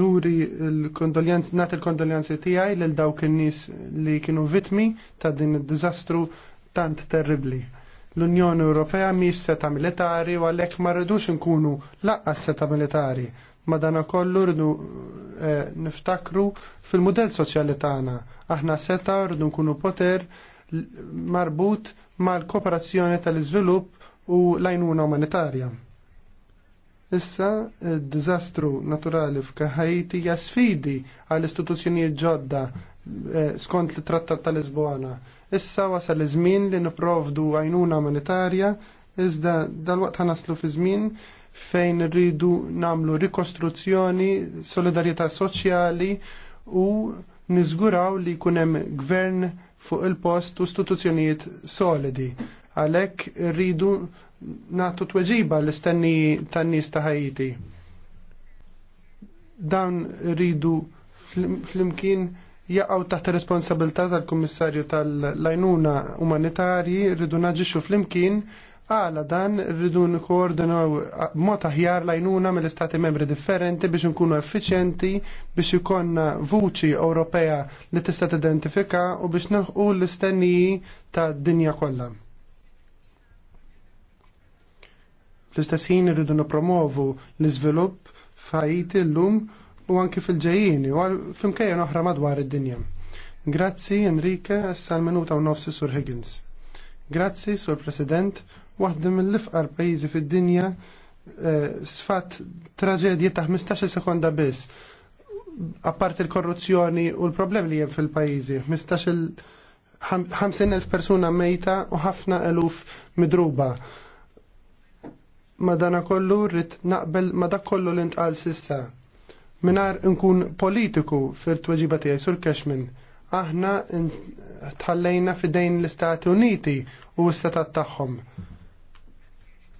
nuri l-kondoljanz, nat il-kondoljanzi tiegħi lil dawk in-nies li kienu vitmi ta' din id-diżastru tant terribli. L-Unjoni Ewropea mhix seta' militari u għalhekk ma rridux inkunu laqqas seta' militari. Madanakollu rridu eh, niftakru fil-mudell soċjali tagħna. Aħna seta' rridu nkunu poter marbut mal-kooperazzjoni tal-iżvilupp u l-għajnuna umanitarja. Issa, d-dizastru eh, naturali f'Haiti hija sfidi għall istituzzjonijiet ġodda eh, skont li trattat tal-Lisbona. Issa wasal iż-żmien li niprovdu għajnuna monetarja iżda dal-waqt ħanaslu fi żmien fejn rridu namlu rikostruzzjoni, solidarjetà soċjali u niżguraw li kunem gvern fuq il-post u istituzzjonijiet solidi. Għalhekk rridu natu tweġiba l-istenni tan-nies ta' Ħajti. Dawn ridu flimkien jaqgħu taħt responsabilità tal-Kummissarju tal-Lajnuna Umanitarji rridu naġixxu flimkien għala dan rridu nkoordinaw mod aħjar lajnuna mill-istati membri differenti biex nkunu effiċjenti biex ikonna vuċi Ewropea li tista' tidentifika u biex nilħqu l-istenniji tad dinja kollha. Fl-istess ħin irridu nippromovu l-iżvilupp f'Haiti llum u anki fil-ġejjini u flimkejja oħra madwar id-dinja. Grazzi Enrique sal-minuta u nofsi Sur Higgins. Grazzi Sur President, waħda mill-ifqar pajjiżi fid-dinja eh, sfat traġedji ta' 15 sekonda biss. Apart il-korruzzjoni u l-problemi li hemm fil-pajjiżi, 15 50.000 persuna mejta u ħafna eluf midruba ma dana kollu rrit naqbel ma dak kollu l-intqal sissa. Minar nkun politiku fil-tweġiba tiegħi sur Cashman. Aħna tħallejna fidejn l-Istati Uniti u s-setat tagħhom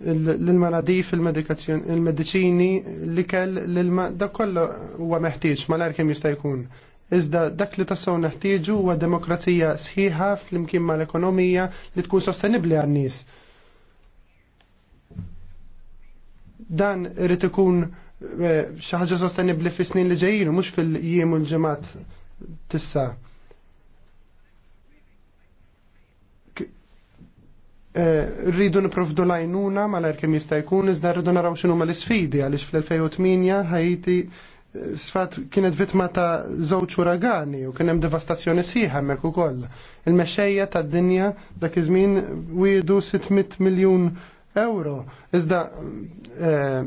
l-manadif, il-medicini, li kell l ma dak kollu huwa meħtieġ, malar kemm jista' jkun. Iżda dak li tassew neħtieġu huwa demokrazija sħiħa flimkien mal-ekonomija li tkun sostenibbli għan-nies Dan rrit ikun eh, xi ħaġa sostenibbli fis-snin li ġejjin u mhux fil-jiem u l-ġimgħat tissa. Eh, rridu niprofdu lajnuna malajr kemm jista' jkun iżda rridu naraw x'inhu ma l-isfidi għaliex fl-2008 Ħajti eh, sfat kienet vittma ta' żewġ uragani u kien hemm devastazzjoni sħiħa hemmhekk ukoll. Il-mexxejja tad-dinja dak iż-żmien wiedu 600 miljun euro. Iżda eh,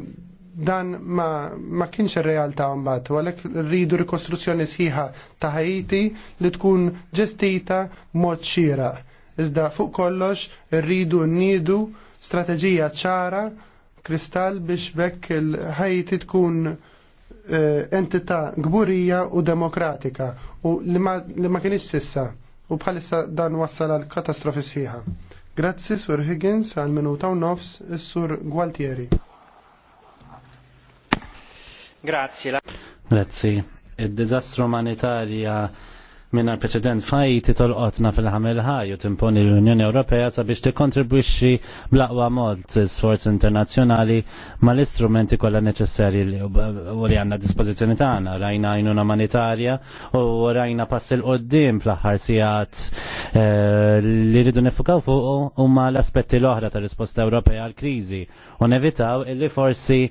dan ma, ma kienx ir-realtà mbagħad, u għalhekk rridu rikostruzzjoni sħiħa ta' Ħajti li tkun ġestita mod xieraq. Iżda fuq kollox rridu nniedu strateġija ċara kristall biex bekk il-Ħajti tkun eh, entità gburija u demokratika u li ma, li ma kienx sissa u bħalissa dan wassal għal katastrofi sħiħa. Grazzi Sur Higgins għal minuta u nofs Sur Gualtieri. Grazzi. Grazzi. il dizastru umanitarja minna preċedent fajti tolqotna fil-ħamil ħajju timponi l-Unjoni Ewropea sabiex tikkontribwixxi blaqwa mod sforz internazzjonali mal-istrumenti kollha neċessarji li għandna dispożizzjoni tagħna. Rajna għajnuna umanitarja u rajna pass il qoddim fl-aħħar sigħat eh, li rridu nifukaw fuq huma l-aspetti l-oħra ta' risposta Ewropea għal-kriżi u nevitaw illi forsi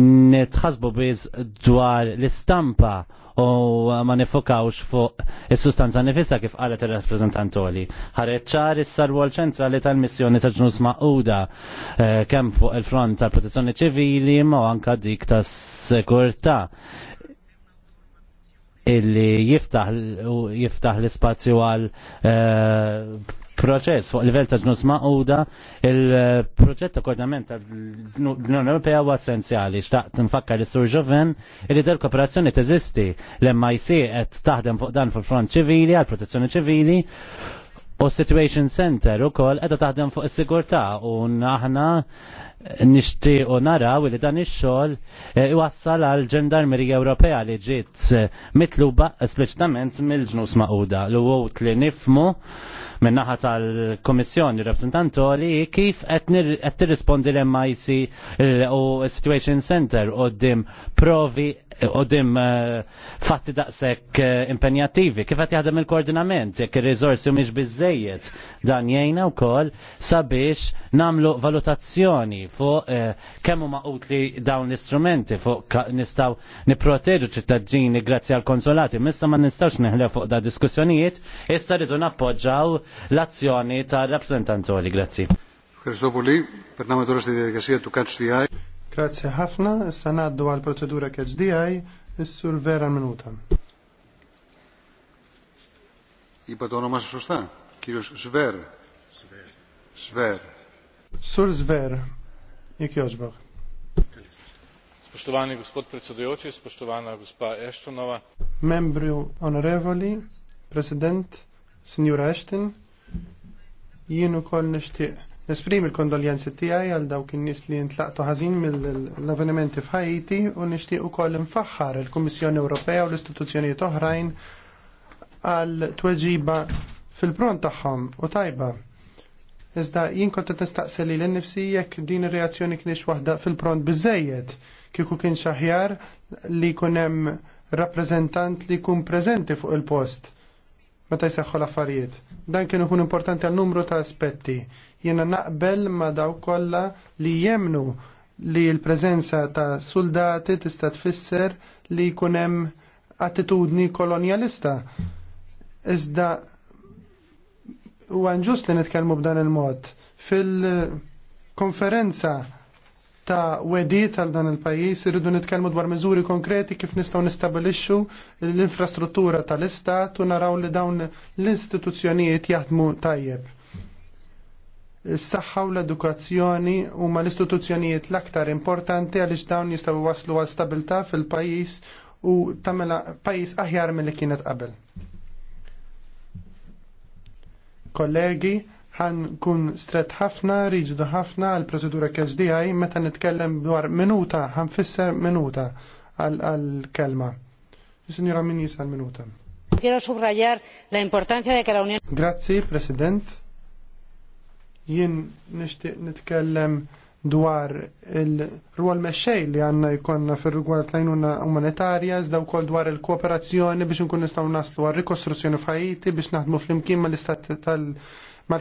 nitħasbu biz dwar l-istampa u uh, ma nifokawx fuq is-sustanza nifissa kif qalet ir-rappreżentantoli. Ħareċ ċar issa l-wol ċentrali tal-missjoni ta' ġnus maquda eh, kemm fuq il-front tal-protezzjoni ċivili ma anka dik tas sekurta' illi jiftaħ, jiftaħ l ispazju għal eh, proċess fuq livell ta' ġnus maquda il-proġett ta' koordinament tal-Unjoni Ewropea huwa essenzjali. Xtaqt nfakkar is sur ġoven li del kooperazzjoni teżisti l-MIC qed taħdem fuq dan fil-front ċivili għal protezzjoni ċivili u Situation Center u kol edha taħdem fuq is-sigurtà u aħna nishtiqu naraw li dan ix-xogħol eh, iwassal għal ġendarmerija Ewropea li ġiet eh, mitluba espliċitament mill-ġnus maquda l wot li nifmu minn naħa tal-Komissjoni Rappresentantoli kif qed tirrispondi l MIC eh, u Situation Center qudiem provi qoddim eh, fatti daqshekk eh, impenjattivi. Kif qed jaħdem il-koordinament jekk ir-riżorsi mhix bizzejiet dan jgħinna wkoll sabiex namlu valutazzjoni fuq eh, kemm huma utli dawn l-istrumenti fuq nistgħu nipproteġu ċittadġini grazzi għal konsolati. Missa ma nistawx neħle fuq da diskussjonijiet, issa rridu nappoġġaw l-azzjoni tar-rappreżentantoli. Grazzi. Ευχαριστώ πολύ. Περνάμε di στη a του Catch the Grazie ħafna, issa ngħaddu għal procedura KHDI, is-sur vera minuta. Iba donu ma xuxta, kiru xver. Xver. Sur Zver, jek joġbok. Spoštovani gospod predsedujoči, spoštovana gospa Eštonova. Membri onorevoli, president, signora Ešton, jenu kol neštije. Nesprim il-kondoljenzi tiegħi għal dawk in-nies li ntlaqtu ħażin mill-avvenimenti f'Ħajti u nixtieq ukoll nfaħħar il-Kummissjoni Ewropea u l-istituzzjonijiet oħrajn għal tweġiba fil-pront tagħhom u tajba. Iżda jien kont qed nistaqsi li nnifsi jekk din ir-reazzjoni kienx waħda fil-pront biżejjed kieku kien xaħjar li jkun hemm rappreżentant li jkun preżenti fuq il-post meta jseħħu l-affarijiet. Dan kien ikun importanti għal numru ta' aspetti. Jena naqbel ma daw kollha li jemnu li l-preżenza ta' soldati tista' tfisser li jkun hemm attitudni kolonjalista. Iżda huwa nġust li nitkellmu b'dan il-mod. Fil-konferenza ta' wedi tal dan il-pajis irridu nitkellmu dwar miżuri konkreti kif nistgħu nistabilixxu l-infrastruttura tal-istat u naraw li dawn l-istituzzjonijiet jaħdmu tajjeb s-saxħa u l-edukazzjoni huma l-istituzzjonijiet l-aktar importanti għaliex dawn jistgħu waslu għal stabilta fil-pajjiż u tamela pajjiż aħjar milli kienet qabel. Kollegi, ħan kun stret ħafna, riġdu ħafna għal procedura KSDI, meta nitkellem dwar minuta, ħan fisser minuta għal kelma. Signora Minis għal minuta. Quiero subrayar la importancia de que la Unión. Grazie, President. Jien nixtieq nitkellem dwar il-rwol mexxej li għanna jkonna fir rigward lajnuna umanitarja, iżda wkoll dwar il-kooperazzjoni biex nkun nistgħu naslu għal rikostruzzjoni f'Ħajti biex naħdmu flimkien mal-istat tal l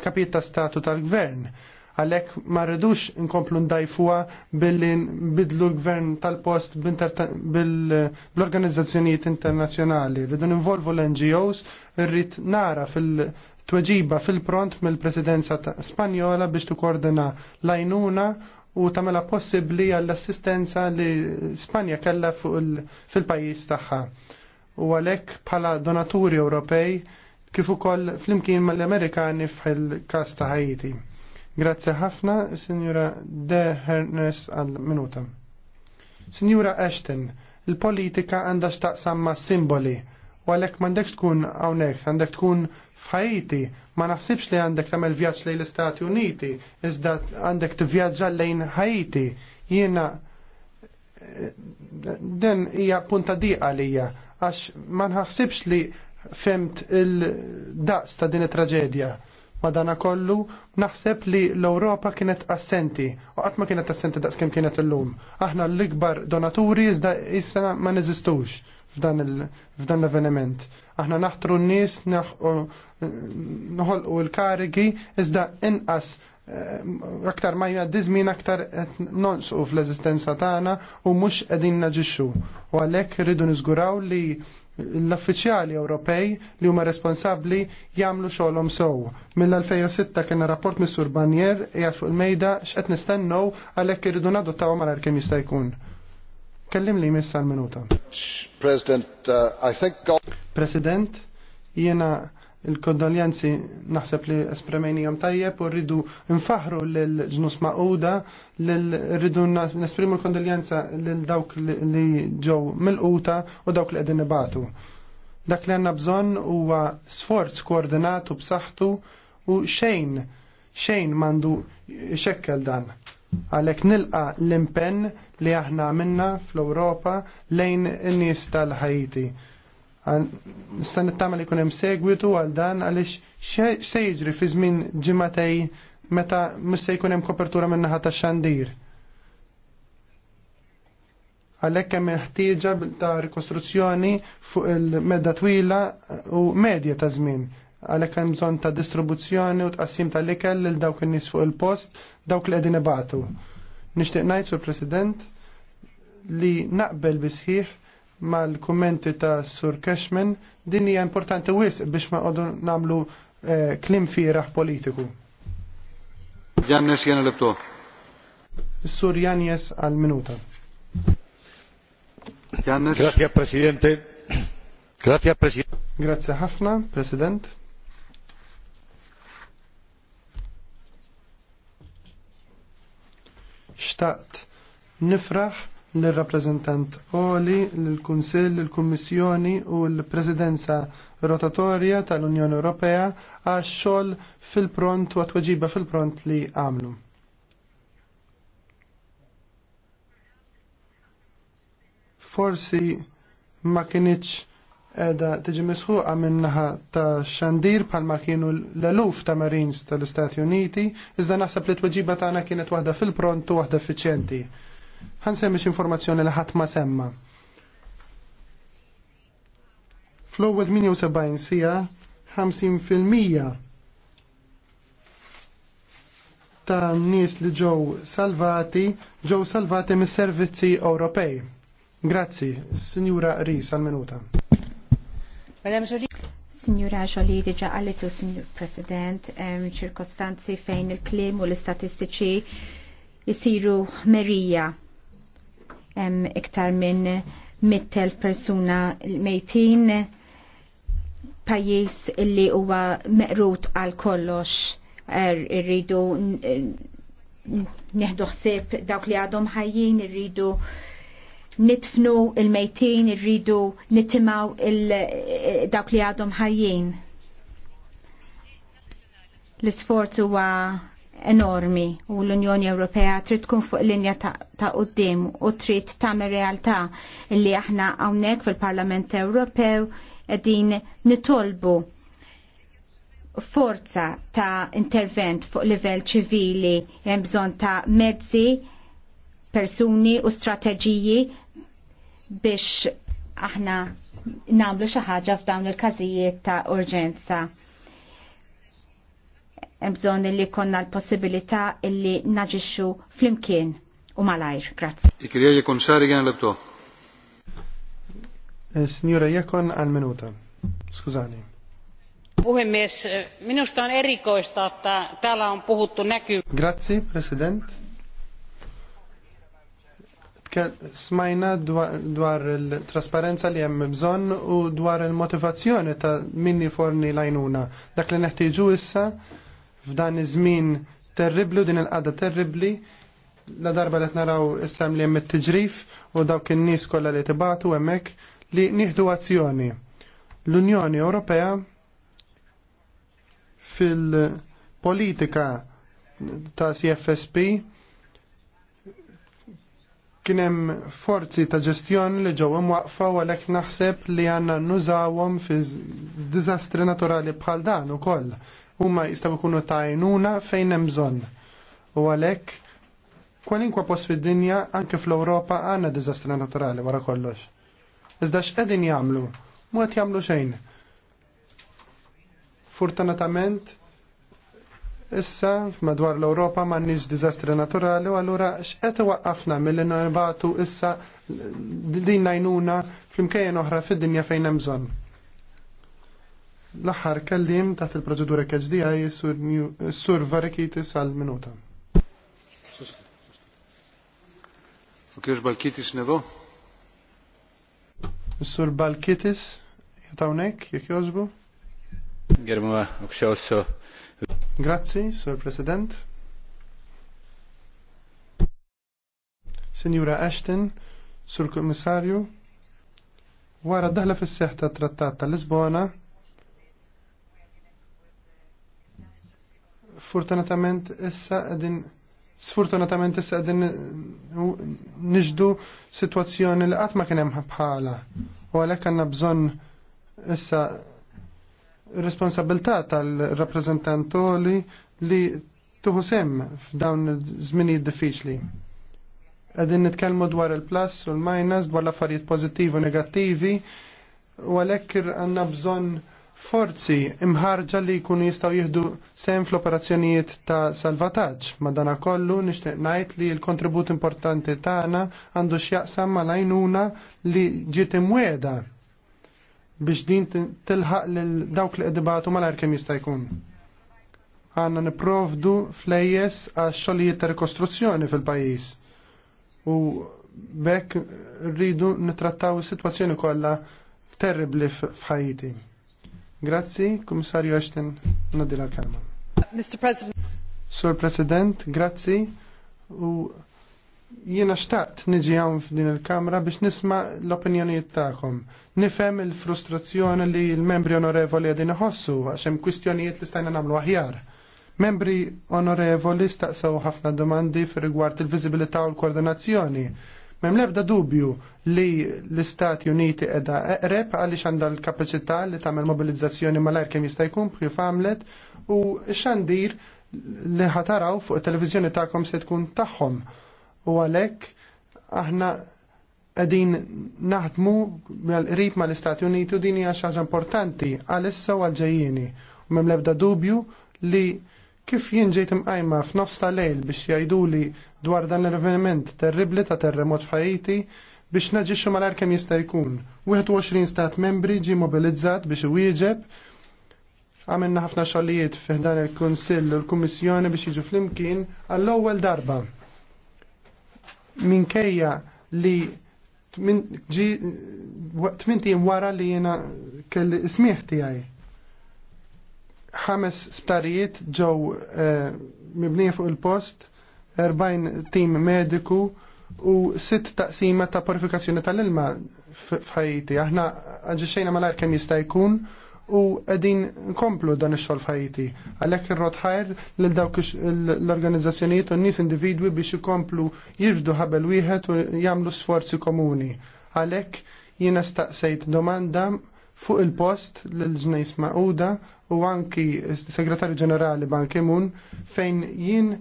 kapit ta' statu tal-gvern. Għalhekk ma rridux nkomplu ndajfuha billi bidlu l-gvern tal-post bil-organizzazzjonijiet internazzjonali. Rridu ninvolvu l-NGOs, rrid nara fil- tweġiba fil-pront mill-Presidenza Spanjola biex tukordina lajnuna u tamela possibli għall-assistenza li Spanja kella fil-pajis tagħha. U għalhekk bħala donaturi Ewropej kif ukoll flimkien mal-Amerikani fil-każ ta' Haiti. Grazzi ħafna, Sinjura De Hernes għal-minuta. Sinjura Ashton, il-politika għandha xtaqsam ma' simboli U għalhekk mandek tkun hawnhekk, għandek tkun f'Ħajti, ma naħsibx li għandek tagħmel vjaġġ lejn l-Istati Uniti, iżda għandek tivvjaġġa lejn Ħajti. Jiena eh, den hija punta diqa lija għax ma naħsibx li femt il-daqs ta' din it-traġedja. dana kollu, naħseb li l-Europa kienet assenti, u għatma kienet assenti daqs kem kienet l-lum. Aħna l-ikbar donaturi iżda issa ma neżistux f'dan l-avveniment. Aħna naħtru n-nies, noħolqu l-karigi, iżda inqas eh, aktar ma jgħaddizmin aktar nonsu fl-eżistenza tagħna u mhux qegħdin naġixxu. U għalhekk rridu niżguraw li l uffiċjali Ewropej li huma responsabbli jagħmlu xogħolhom sew. Mill-2006 kien rapport mis-Sur Barnier qiegħed fuq il-mejda x'qed nistennew għalhekk irridu nadottaw malar kemm jista' jkun. Kellim li jmiss minuta President, uh, jena il-kondoljanzi naħseb li esprimejni jom tajjeb u rridu nfaħru l-ġnus maquda, rridu nesprimu l-kondoljanza l-dawk li ġew mil quta u dawk li qegħdin nibatu. Dak li għandna bżonn huwa sforz koordinatu b'saħtu b'saħħtu u xejn xejn mandu xekkel dan. Għalhekk nilqa l-impenn li aħna minna fl-Ewropa lejn in-nies tal-Ħajti. Se nittama li jkun hemm segwitu għal dan għaliex se jiġri fi żmien ġimatej meta mhux se jkun hemm kopertura min-naħa tax-xandir għalhekk hemm ħtieġa ta' rikostruzzjoni fuq il-medda twila u medja ta' żmien. Għalhekk hemm bżonn ta' distribuzzjoni u tqassim tal-ikel lil dawk in-nies fuq il-post dawk li qegħdin ibatu. Nixtieq ngħid sur President li naqbel bisħiħ mal kommenti ta' Sur Cashman din hija importanti wis biex ma qogħdu namlu eh, klim fieraħ politiku. Jannes jena l lebto. Sur Jannes għal minuta. Jannes. Grazie Presidente. Grazie Presidente. Grazie ħafna, President. Xtaqt nifraħ l-rappresentant Oli, l-Kunsill, l-Kummissjoni u l-Presidenza Rotatorja tal-Unjoni Ewropea għax xogħol fil-pront u għatweġiba fil-pront li għamlu. Forsi ma kienieċ edha tiġi misħuqa minnaħa ta' xandir ma kienu l-eluf ta' Marines tal-Istati Uniti, iżda naħseb li t-weġiba tagħna kienet waħda fil-pront u waħda effiċjenti. Ħan semmix informazzjoni li ħadd ma semma. Flowed 78 sija 50% ta' nies li ġew salvati ġew salvati mis-servizzi Ewropej. Grazzi, Sinjura Ris għal minuta. Madam Jolie. Signora Jolie, diġa għallitu, Signor President, ċirkostanzi fejn il-klim u l-istatistiċi jisiru merija iktar minn 100.000 persuna mejtin pajis illi huwa meqrut għal kollox er, irridu neħdu ħsieb dawk li għadhom ħajjin irridu nitfnu il-mejtin irridu nittimaw il dawk li għadhom ħajjin l-isforz huwa enormi u l-Unjoni Ewropea trid tkun fuq linja ta' qoddim u trid tagħmel realtà li aħna hawnhekk fil-Parlament Ewropew qegħdin nitolbu forza ta' intervent fuq livell ċivili hemm bżonn ta' mezzi, persuni u strateġiji biex aħna nagħmlu xi ħaġa f'dawn il-każijiet ta' urġenza bżon li konna l-possibilità illi naġixxu flimkien u malajr. Grazzi. Ikirja jekon sari għan l-ebto. Eh, signora Jekon għal-minuta. Skużani. Puhemies, minusta on erikoista, että täällä on puhuttu näky... Grazie, president. Smajna dwar il-trasparenza li hemm bżon u dwar il-motivazzjoni ta' minni forni lajnuna. Dak li neħtieġu issa f'dan iż-żmien terribli u din il-qada terribli la darba li naraw issem li hemm it-tiġrif u dawk in-nies kollha li tibatu hemmhekk li nieħdu azzjoni. L-Unjoni Ewropea fil-politika ta' CFSP kien hemm forzi ta' ġestjoni li ġew imwaqfa u għalhekk naħseb li għandna nużawhom fi diżastri naturali bħal dan ukoll huma jistgħu jkunu ta' għajnuna fejn hemm bżonn. U għalhekk kwalinkwa post fid-dinja anke fl-Ewropa għandna diżastri naturali wara kollox. Iżda x'qegħdin jagħmlu? Mu qed jagħmlu xejn. Fortunatament issa madwar l-Ewropa m'għandniex diżastri naturali u allura x'qed waqqafna milli nirbatu issa din najnuna flimkejjen oħra fid-dinja fejn hemm bżonn. L-aħħar kellim taħt il-proċedura KHDI sur Varikitis għal minuta. U Balkitis nedo? Sur Balkitis, jatawnek, jek jozbu? Germa, ukxawsu. Grazzi, Sur President. Signora Ashton, Sur Komissarju, wara d-daħla fis-seħta trattat tal-Lisbona, fortunatament issa qegħdin sfortunatament issa qegħdin niġdu sitwazzjoni li qatt ma kien hemm bħala. U għalhekk għandna bżonn issa responsabilità tal-rappreżentantoli li tuħu sem f'dawn iż-żminijiet diffiċli. Qegħdin nitkellmu dwar il-plus u l-minus dwar l-affarijiet pożittivi u negattivi u għalhekk għandna bżonn forzi imħarġa li jkunu jistgħu jieħdu sem fl-operazzjonijiet ta' salvataġġ. Madana kollu nixtieq ngħid li l-kontribut importanti tagħna għandu x'jaqsam mal-għajnuna li ġiet imwieda biex din tilħaq lil dawk li qdibatu malajr kemm jista' jkun. Għanna niprovdu flejjes għax xogħlijiet ta' rikostruzzjoni fil-pajjiż. U bekk rridu nitrattaw is-sitwazzjoni kollha terribli f'Ħajti. Grazzi, Kummissarju Ashton, nadila l Mr. President. Sur President, grazzi. U jiena xtaqt niġi hawn f'din il-Kamra biex nisma l-opinjonijiet tagħkom. Nifhem il-frustrazzjoni li l-membri onorevoli qegħdin iħossu għax hemm kwistjonijiet li stajna nagħmlu aħjar. Membri onorevoli staqsew ħafna domandi fir rigward il-viżibilità u l-koordinazzjoni Mem lebda dubju li l-Istati Uniti edha eqreb għaliex għandha l-kapaċità li tagħmel mobilizzazzjoni malajr kemm jista' jkun kif għamlet u xandir li ħataraw fuq it-televiżjoni tagħkom se tkun tagħhom. U għalhekk aħna qegħdin naħdmu qrib mal-Istati Uniti u din hija xi ħaġa importanti għalissa u għalġejjieni. U mem lebda dubju li kif jien ġejt imqajma f'nofs ta' lejl biex jgħiduli dwar dan l-avveniment terribli ta' terremot fajti biex naġixxu malar kemm jista' jkun. 21 stat membri ġi mobilizzat biex iwieġeb għamilna ħafna xogħlijiet fiħdan il-Kunsill u l-Kummissjoni biex jiġu flimkien għall-ewwel darba. Minkejja li ġi t-minti wara li jiena kelli smieħ tiegħi. Ħames sptarijiet ġew eh, mibnija fuq il-post 40 tim mediku u 6 taqsima ta' purifikazzjoni tal-ilma f'Ħajti. Aħna ġiċċejna malar kemm jista' jkun u għedin komplu dan ix-xogħol f'Ħajti. Għalhekk ir-rotħajr lil dawk l-organizzazzjonijiet u n-nies individwi biex ikomplu jirdu ħabel wieħed u jagħmlu sforzi komuni. Għalhekk jiena staqsejt domanda fuq il-post l-ġnejs Mauda u anki segretarju ġenerali Ban Kimun fejn jien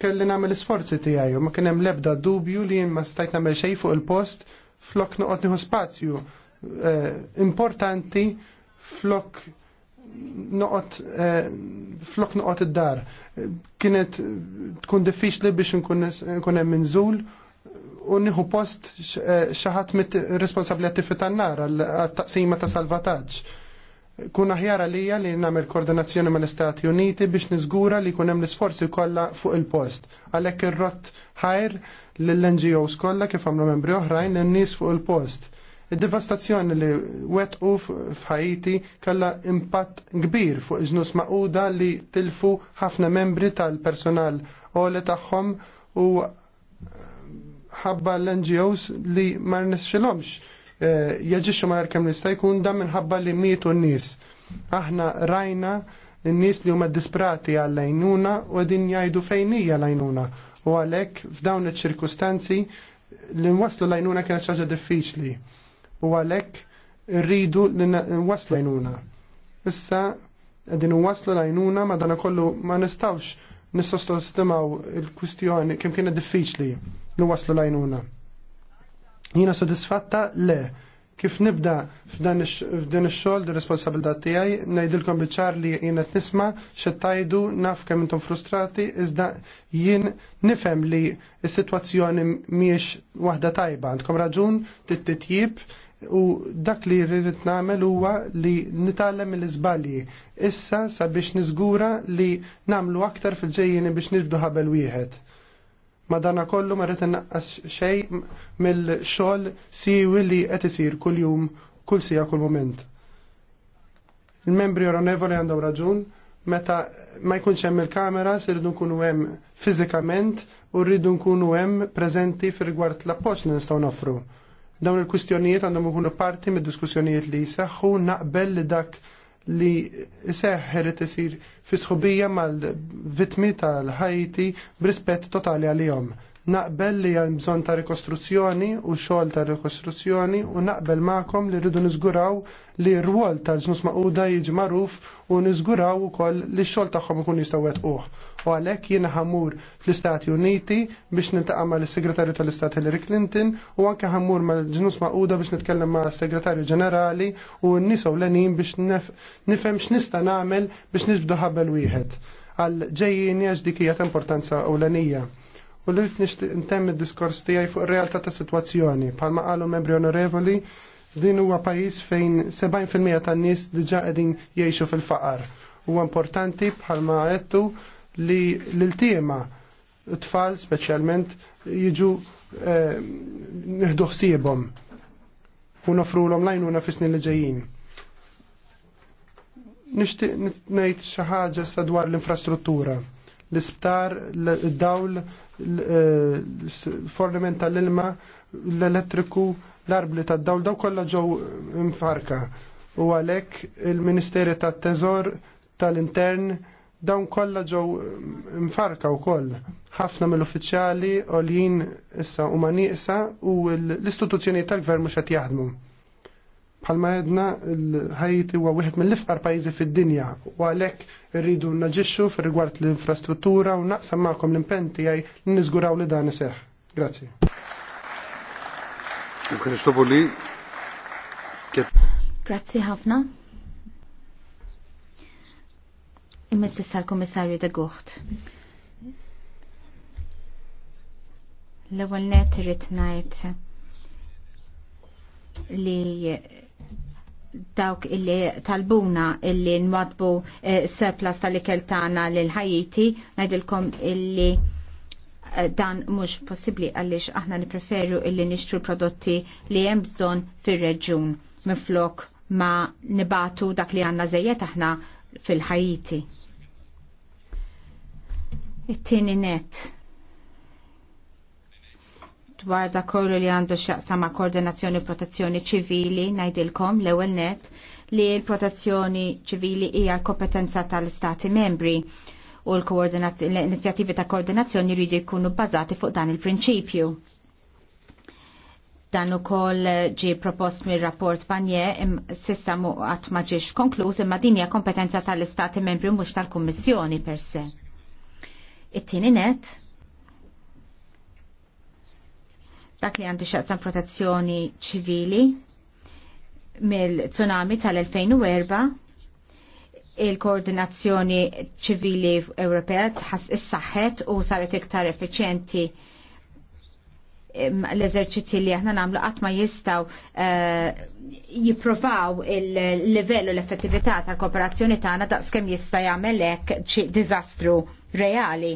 kelli nagħmel isforzi tiegħi u ma kien hemm l-ebda dubju li jien ma stajt namel xej fuq il-post flok noqgħod niħu spazju eh, importanti flok noqot eh, flok noqot id-dar. Kienet tkun diffiċli biex nkun hemm minżul u niħu post eh, xaħat mit responsabli tifit tan-nar għat-taqsima ta' salvataġġ kun aħjar lija li nagħmel koordinazzjoni mal-Istati Uniti biex niżgura li jkun hemm l-isforzi kollha fuq il-post. Għalhekk ir-rott ħajr lill-NGOs kollha kif għamlu membri oħrajn lin-nies fuq il-post. Id-devastazzjoni li u f'Ħajti kellha impatt kbir fuq iġnus maquda li tilfu ħafna membri tal-personal ole tagħhom u ħabba l-NGOs li ma rnexxilhomx jaġixxu malar kemm nista jkun dam minħabba li mietu n-nies. Aħna rajna n-nies li huma disprati għal lajnuna u għedin jajdu fejn hija l U għalhekk f'dawn iċ-ċirkustanzi li nwaslu l kena kienet xaġa diffiċli. U għalhekk rridu li nwaslu l Issa għedin waslu l-għajnuna ma dana kollu ma nistawx nistostimaw il-kwistjoni kemm kienet diffiċli li waslu l-għajnuna. Jina sodisfatta le kif nibda f'dan ix-xogħol di responsabilità tiegħi ngħidilkom biċar li jiena nisma' xi tajdu naf kemm intom frustrati iżda jien nifhem li s-sitwazzjoni mhijiex waħda tajba. Għandkom raġun titjib u dak li rrid nagħmel huwa li nitgħallem mill-iżbalji. Issa sabiex niżgura li nagħmlu aktar fil-ġejjieni biex nibdu ħabel wieħed. Madana kollu ma rrid innaqqas xejn mill-xogħol siwi li qed isir kuljum kull sija kull moment. Il-membri onorevoli għandhom raġun meta ma jkunx hemm il-kamera rridu nkunu hemm fiżikament u rridu nkunu hemm preżenti fir-rigward l-appoġġ li nistgħu nofru. Dawn il-kwistjonijiet għandhom ikunu parti mid-diskussjonijiet li jseħħu naqbel li dak li seħħer isir fi sħubija mal-vitmi tal-ħajti b'rispett totali għalihom. Naqbel li hemm bżonn ta' rikostruzzjoni u xogħol ta' rikostruzzjoni u naqbel magħkom li rridu niżguraw li r-rwol tal-ġnus maquda jiġi magħruf u niżguraw ukoll li x-xogħol tagħhom ikun jistgħu wettquh. U għalhekk jiena ħammur fl-Istati Uniti biex niltaqa' mal-Segretarju tal-Istat Hillary Clinton u anke ħammur mal-ġnus maquda biex nitkellem mas-Segretarju Ġenerali u n-nisaw l-enin biex nifhem x'nista' nagħmel biex nisbdu ħabel wieħed għal ġejjini għax dik hija importanza ewlenija u li nixtieq intemm id-diskors tiegħi fuq realtà ta' sitwazzjoni. Palma qalu membri onorevoli, din huwa pajjiż fejn 70% tan-nies diġà qegħdin jgħixu fil-faqar. Huwa importanti bħalma għettu li l t tfal speċjalment jiġu eh, nħduħsibom u nofru l lajnuna fis-snin li ġejjin. Nixtieq ngħid xi ħaġa l-infrastruttura l-isptar, l-dawl, l-forniment tal-ilma, l-elettriku, l-arbli tad-dawl, daw kollha ġew mfarka. U għalhekk il-Ministeri tat-Teżor tal-Intern dawn kolla ġew mfarka wkoll. Ħafna mill-uffiċjali għoljin issa u nieqsa u l istituzjoni tal-gvern mhux qed jaħdmu. Palma jedna l-ħajti huwa wieħed mill-ifqar pajjiżi fid-dinja u għalhekk irridu naġixxu fir-rigward l-infrastruttura u naqsam magħkom l-impenn tiegħi niżguraw li dan iseħħ. Grazzi. Kristopoli. Grazzi ħafna. Immiss issa l-Kummissarju de Gucht. L-ewwel net irid ngħid li dawk illi talbuna illi nwadbu eh, surplus tal-ikel tagħna ħajiti ngħidilkom illi eh, dan mhux possibbli għaliex aħna nippreferu illi nixtru prodotti li hemm bżonn fir-reġjun minflok ma nibatu dak li għandna żejjed aħna fil-ħajiti. It-tieni net dwar da kollu li għandu xaqsa koordinazzjoni protezzjoni ċivili najdilkom l ewwel net li l-protezzjoni ċivili hija kompetenza tal-Stati membri u l-inizjativi ta' koordinazzjoni jridu jkunu bbażati fuq dan il-prinċipju. Dan ukoll ġi propost mir rapport panje sissa qatt ma ġiex konkluż imma din hija kompetenza tal-Istati membri mhux tal-Kummissjoni per se. It-tieni net dak li għandu xaqsan protezzjoni ċivili mill-tsunami tal-2004 il-koordinazzjoni ċivili Ewropea tħass is-saħħet u saret iktar effiċjenti l eżerċizzji li aħna nagħmlu qatt ma jistgħu eh, jippruvaw il-livell u l-effettività tal-kooperazzjoni tagħna daqskemm jista' jagħmel hekk diżastru reali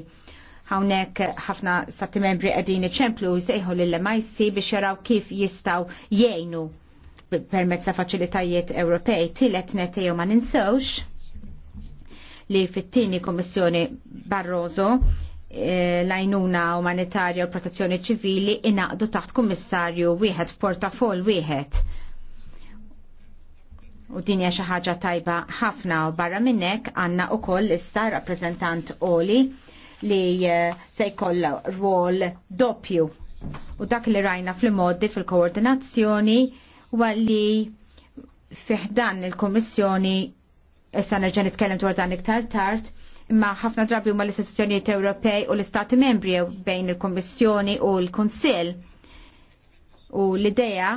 Hawnhekk ħafna stati membri għedin iċemplu jisejħu l-MIC biex jaraw kif jistaw jgħinu permezz ta' faċilitajiet Ewropej tilet netejo ma ninsewx li fit-tieni Kommissjoni Barroso eh, l-għajnuna umanitarja u protezzjoni ċivili inaqdu taħt kummissarju wieħed f'portafol wieħed. U din hija xi ħaġa tajba ħafna u barra minnek għandna wkoll issa rappreżentant Oli li eh, se jkollha rwol doppju. U dak li rajna fl-modi fil-koordinazzjoni huwa li fiħdan il kummissjoni issa nerġa' nitkellem dwar dan iktar tard, imma ħafna drabi huma l-istituzzjonijiet Ewropej u l-Istati Membri bejn il kummissjoni u l-Kunsill. U l-idea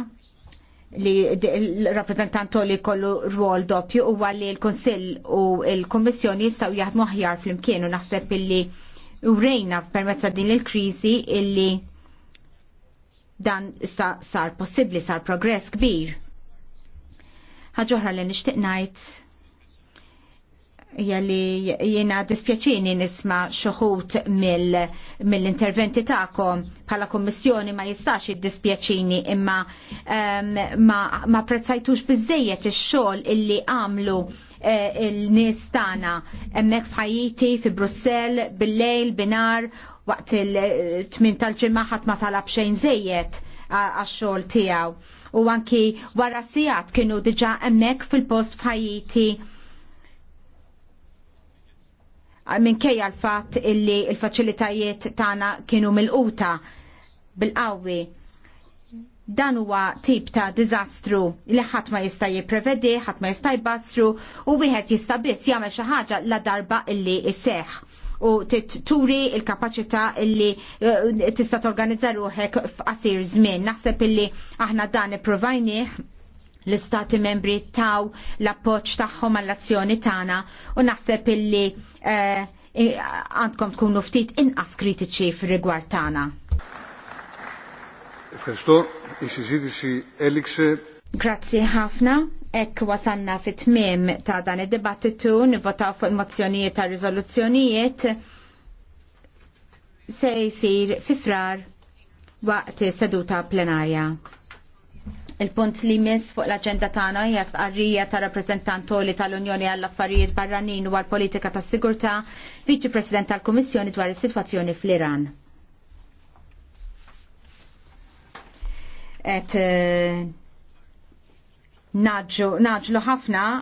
li l-rappresentant li kollu rwol doppju huwa li l-Kunsill u l kummissjoni jistgħu jaħdmu aħjar flimkien u naħseb illi u rejna permezz din il-kriżi illi dan sa sar possibbli sar progress kbir. Ħaġoħra li nixtieq ngħid jalli jena dispjaċini nisma xoħut mill-interventi mil ta'kom bħala kommissjoni ma jistax jiddispjaċini imma um, ma, ma prezzajtux bizzejet il-xol illi għamlu Eh, il-nies tagħna hemmhekk f'Ħajiti, fi Brussell, bil-lejl, binar, waqt il-tmin tal-ġimgħa ħadd ma talab xejn żejjed għax-xogħol tiegħu. U anki wara sigħat kienu diġà hemmhekk fil-post f'Ħajiti minkejja l-fatt illi l-faċilitajiet tagħna kienu mill bil-qawwi dan huwa tip ta' diżastru li ħadd ma jista' jipprevedi, ħadd ma jista' jbassru u wieħed jista' biss jagħmel xi ħaġa la darba illi iseħħ u turi il kapaċità illi eh, tista' torganizza ruħek f'qasir żmien. Naħseb illi aħna dan ipprovajnih l-istati membri taw l-appoċ tagħhom għall-azzjoni tagħna u naħseb illi eh, għandkom tkunu ftit inqas kritiċi fir-rigward tagħna. Ευχαριστώ. Grazzi ħafna. Ek wasanna fit tmiem ta' dan id-dibattitu nivvotaw fuq il-mozzjonijiet ta' riżoluzzjonijiet se jsir fi frar waqt seduta plenarja. Il-punt li mis fuq l-agenda tagħna hija sqarrija ta' rappreżentantoli tal-Unjoni għall-Affarijiet Barranin u għall-Politika tas-Sigurtà, Viċi President tal-Kummissjoni dwar is-sitwazzjoni fl-Iran. et uh, eh, naġlu ħafna